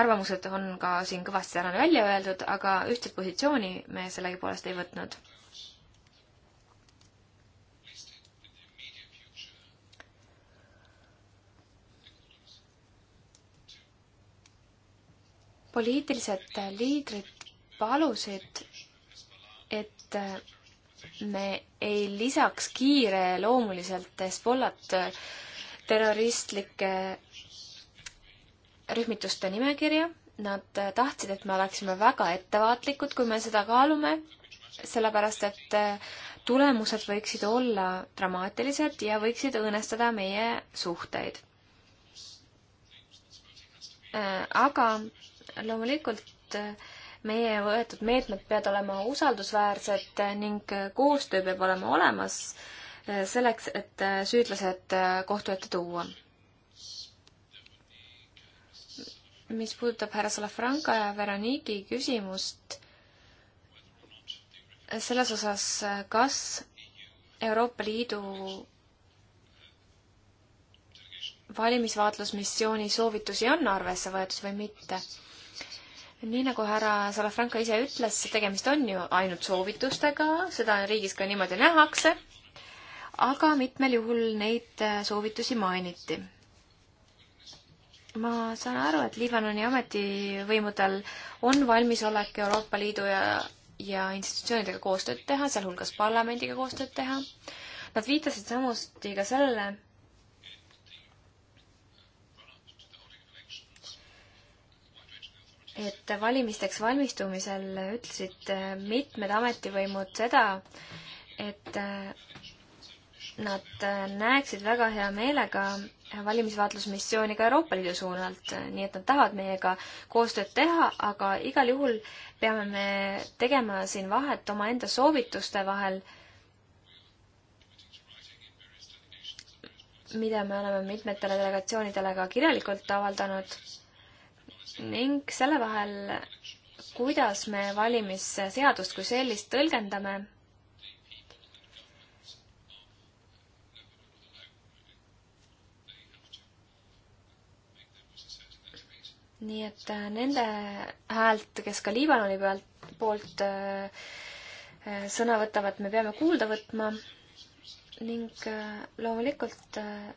arvamused on ka siin kõvasti täna välja öeldud, aga ühtset positsiooni me sellegipoolest ei võtnud poliitilised liidrid palusid, et me ei lisaks kiireloomuliselt Hezbollat terroristlike rühmituste nimekirja. Nad tahtsid, et me oleksime väga ettevaatlikud, kui me seda kaalume, sellepärast et tulemused võiksid olla dramaatilised ja võiksid õõnestada meie suhteid aga loomulikult äh, meie võetud meetmed peavad olema usaldusväärsed ning koostöö peab olema olemas äh, selleks, et äh, süüdlased kohtu ette tuua. mis puudutab härra Salafranca ja Veroniki küsimust selles osas, kas Euroopa Liidu valimisvaatlusmissiooni soovitusi on arvesse võetud või mitte nii nagu härra Salafranca ise ütles, tegemist on ju ainult soovitustega, seda riigis ka niimoodi nähakse, aga mitmel juhul neid äh, soovitusi mainiti. ma saan aru, et Liibanoni ametivõimudel on valmisolek Euroopa Liidu ja, ja institutsioonidega koostööd teha, sealhulgas parlamendiga koostööd teha. Nad viitasid samuti ka sellele, et valimisteks valmistumisel ütlesid äh, mitmed ametivõimud seda, et äh, nad äh, näeksid väga hea meelega valimisvaatlusmissiooni ka Euroopa Liidu suunalt, nii et nad tahavad meiega koostööd teha, aga igal juhul peame me tegema siin vahet omaenda soovituste vahel, mida me oleme mitmetele delegatsioonidele ka kirjalikult avaldanud ning selle vahel, kuidas me valimisseadust kui sellist tõlgendame nii et äh, nende häält, kes ka Liibanoni pealt, poolt äh, äh, sõna võtavad, me peame kuulda võtma ning äh, loomulikult äh,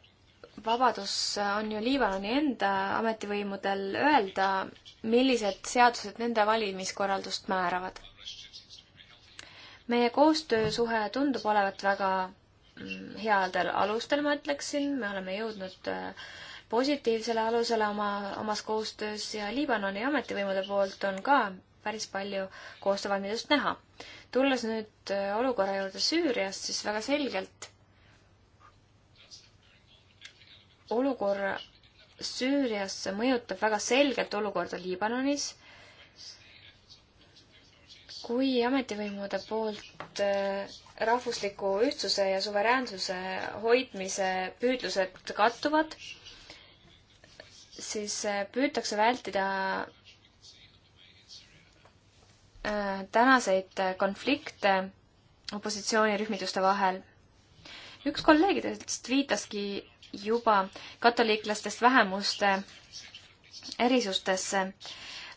vabadus on ju Liibanoni enda ametivõimudel öelda, millised seadused nende valimiskorraldust määravad. meie koostöösuhe tundub olevat väga mm, headel alustel, ma ütleksin, me oleme jõudnud äh, positiivsele alusele oma, omas koostöös ja Liibanoni ametivõimude poolt on ka päris palju koostöövalmidust näha. tulles nüüd äh, olukorra juurde Süürias, siis väga selgelt olukorra Süürias mõjutab väga selgelt olukorda Liibanonis, kui ametivõimude poolt äh, rahvusliku ühtsuse ja suveräänsuse hoidmise püüdlused kattuvad, siis äh, püütakse vältida äh, tänaseid konflikte opositsioonirühmituste vahel. üks kolleegidest viitaski juba katoliiklastest vähemuste erisustesse.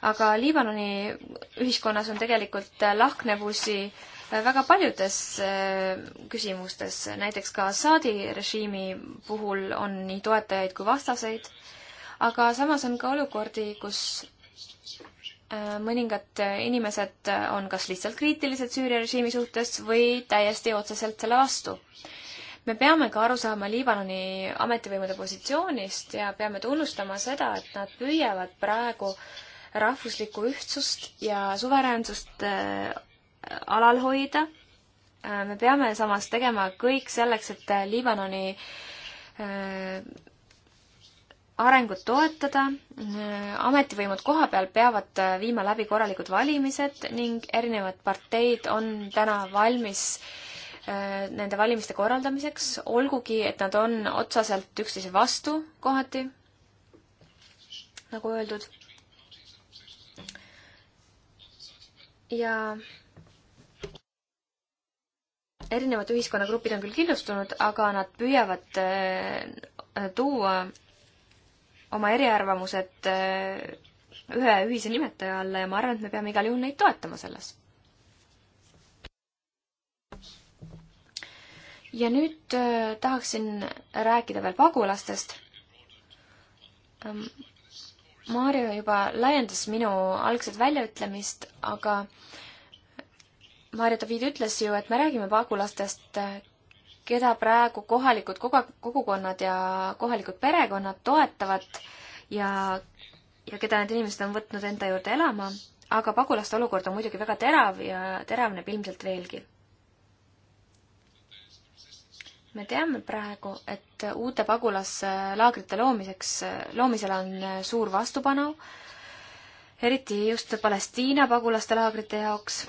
aga Liibanoni ühiskonnas on tegelikult lahknevusi väga paljudes äh, küsimustes, näiteks ka Assaadi režiimi puhul on nii toetajaid kui vastaseid, aga samas on ka olukordi, kus äh, mõningad inimesed on kas lihtsalt kriitilised Süüria režiimi suhtes või täiesti otseselt selle vastu me peame ka aru saama Liibanoni ametivõimude positsioonist ja peame tunnustama seda, et nad püüavad praegu rahvuslikku ühtsust ja suveräänsust äh, alal hoida. Äh, me peame samas tegema kõik selleks, et äh, Liibanoni arengut toetada. ametivõimud kohapeal peavad viima läbi korralikud valimised ning erinevad parteid on täna valmis äh, Äh, nende valimiste korraldamiseks, olgugi et nad on otseselt üksteise vastu kohati, nagu öeldud. ja erinevad ühiskonnagrupid on küll killustunud, aga nad püüavad äh, tuua oma eriarvamused äh, ühe ühise nimetaja alla ja ma arvan, et me peame igal juhul neid toetama selles ja nüüd äh, tahaksin rääkida veel pagulastest. Ähm, Mario juba laiendas minu algset väljaütlemist, aga Mario David ütles ju, et me räägime pagulastest, äh, keda praegu kohalikud kogu-, kogukonnad ja kohalikud perekonnad toetavad ja, ja keda need inimesed on võtnud enda juurde elama, aga pagulaste olukord on muidugi väga terav ja teravneb ilmselt veelgi me teame praegu, et uute pagulaslaagrite loomiseks, loomisel on suur vastupanu, eriti just Palestiina pagulaste laagrite jaoks.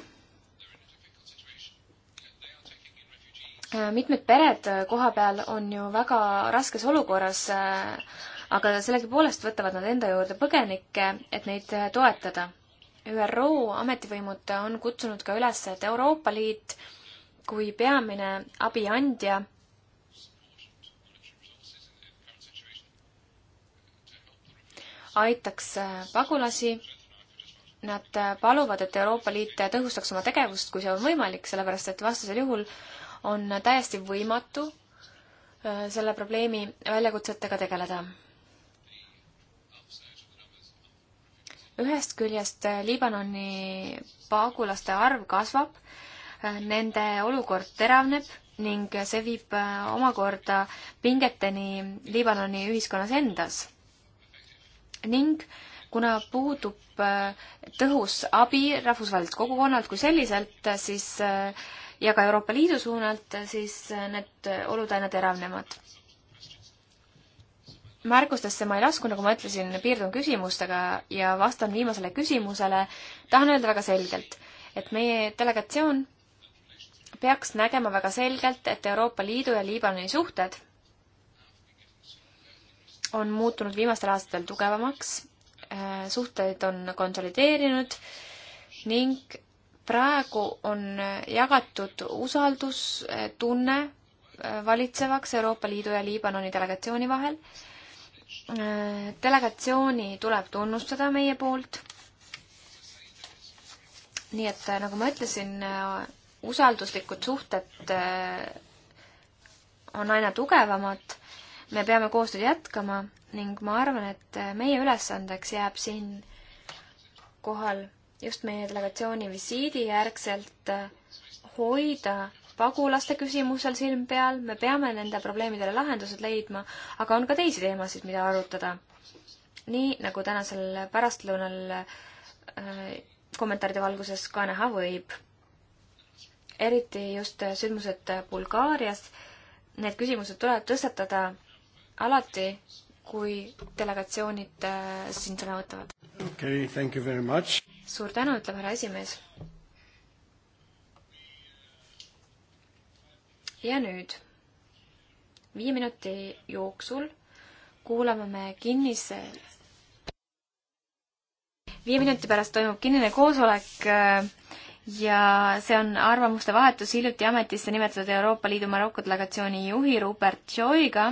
mitmed pered koha peal on ju väga raskes olukorras, aga sellegipoolest võtavad nad enda juurde põgenikke, et neid toetada. ÜRO ametivõimud on kutsunud ka üles, et Euroopa Liit kui peamine abiandja aitaks äh, pagulasi. Nad äh, paluvad, et Euroopa Liit äh, tõhustaks oma tegevust, kui see on võimalik, sellepärast et vastasel juhul on täiesti võimatu selle probleemi väljakutsetega tegeleda. ühest küljest Liibanoni pagulaste arv kasvab, nende olukord teravneb ning see viib omakorda pingeteni Liibanoni ühiskonnas endas ning kuna puudub äh, tõhus abi rahvusvaheliselt kogukonnalt kui selliselt, äh, siis äh, ja ka Euroopa Liidu suunalt, siis need olud aina teravnevad. märkustesse ma ei lasku, nagu ma ütlesin, piirdun küsimustega ja vastan viimasele küsimusele. tahan öelda väga selgelt, et meie delegatsioon peaks nägema väga selgelt, et Euroopa Liidu ja Liibanoni suhted on muutunud viimastel aastatel tugevamaks, äh, suhteid on konsolideerinud ning praegu on jagatud usaldustunne äh, valitsevaks Euroopa Liidu ja Liibanoni delegatsiooni vahel. Äh, delegatsiooni tuleb tunnustada meie poolt. nii et nagu ma ütlesin, usalduslikud suhted on aina tugevamad me peame koostööd jätkama ning ma arvan, et meie ülesandeks jääb siin kohal just meie delegatsiooni visiidi järgselt hoida pagulaste küsimusel silm peal, me peame nende probleemidele lahendused leidma, aga on ka teisi teemasid, mida arutada. nii nagu tänasel pärastlõunal äh, kommentaaride valguses ka näha võib. eriti just sündmused Bulgaarias, need küsimused tuleb tõstatada alati, kui delegatsioonid äh, siin sõna võtavad. okei okay,, thank you very much. suur tänu, ütleb härra esimees. ja nüüd viie minuti jooksul kuulame me kinnise viie minuti pärast toimub kinnine koosolek äh, ja see on arvamuste vahetus hiljuti ametisse nimetatud Euroopa Liidu Maroko delegatsiooni juhi Rupert Joiga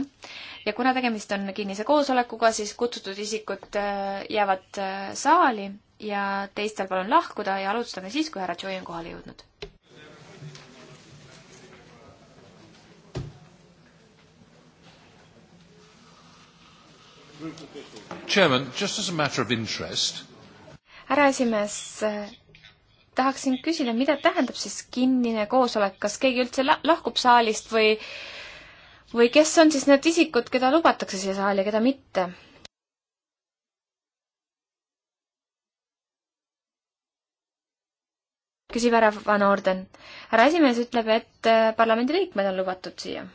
ja kuna tegemist on kinnise koosolekuga, siis kutsutud isikud äh, jäävad äh, saali ja teistel palun lahkuda ja alustame siis, kui härra Joy on kohale jõudnud. Chairman, just as a matter of interest härra esimees, äh, tahaksin küsida, mida tähendab siis kinnine koosolek, kas keegi üldse lahkub saalist või või kes on siis need isikud, keda lubatakse siia saali ja keda mitte? küsib härra Van Orden. härra esimees ütleb, et eh, parlamendiliikmed on lubatud siia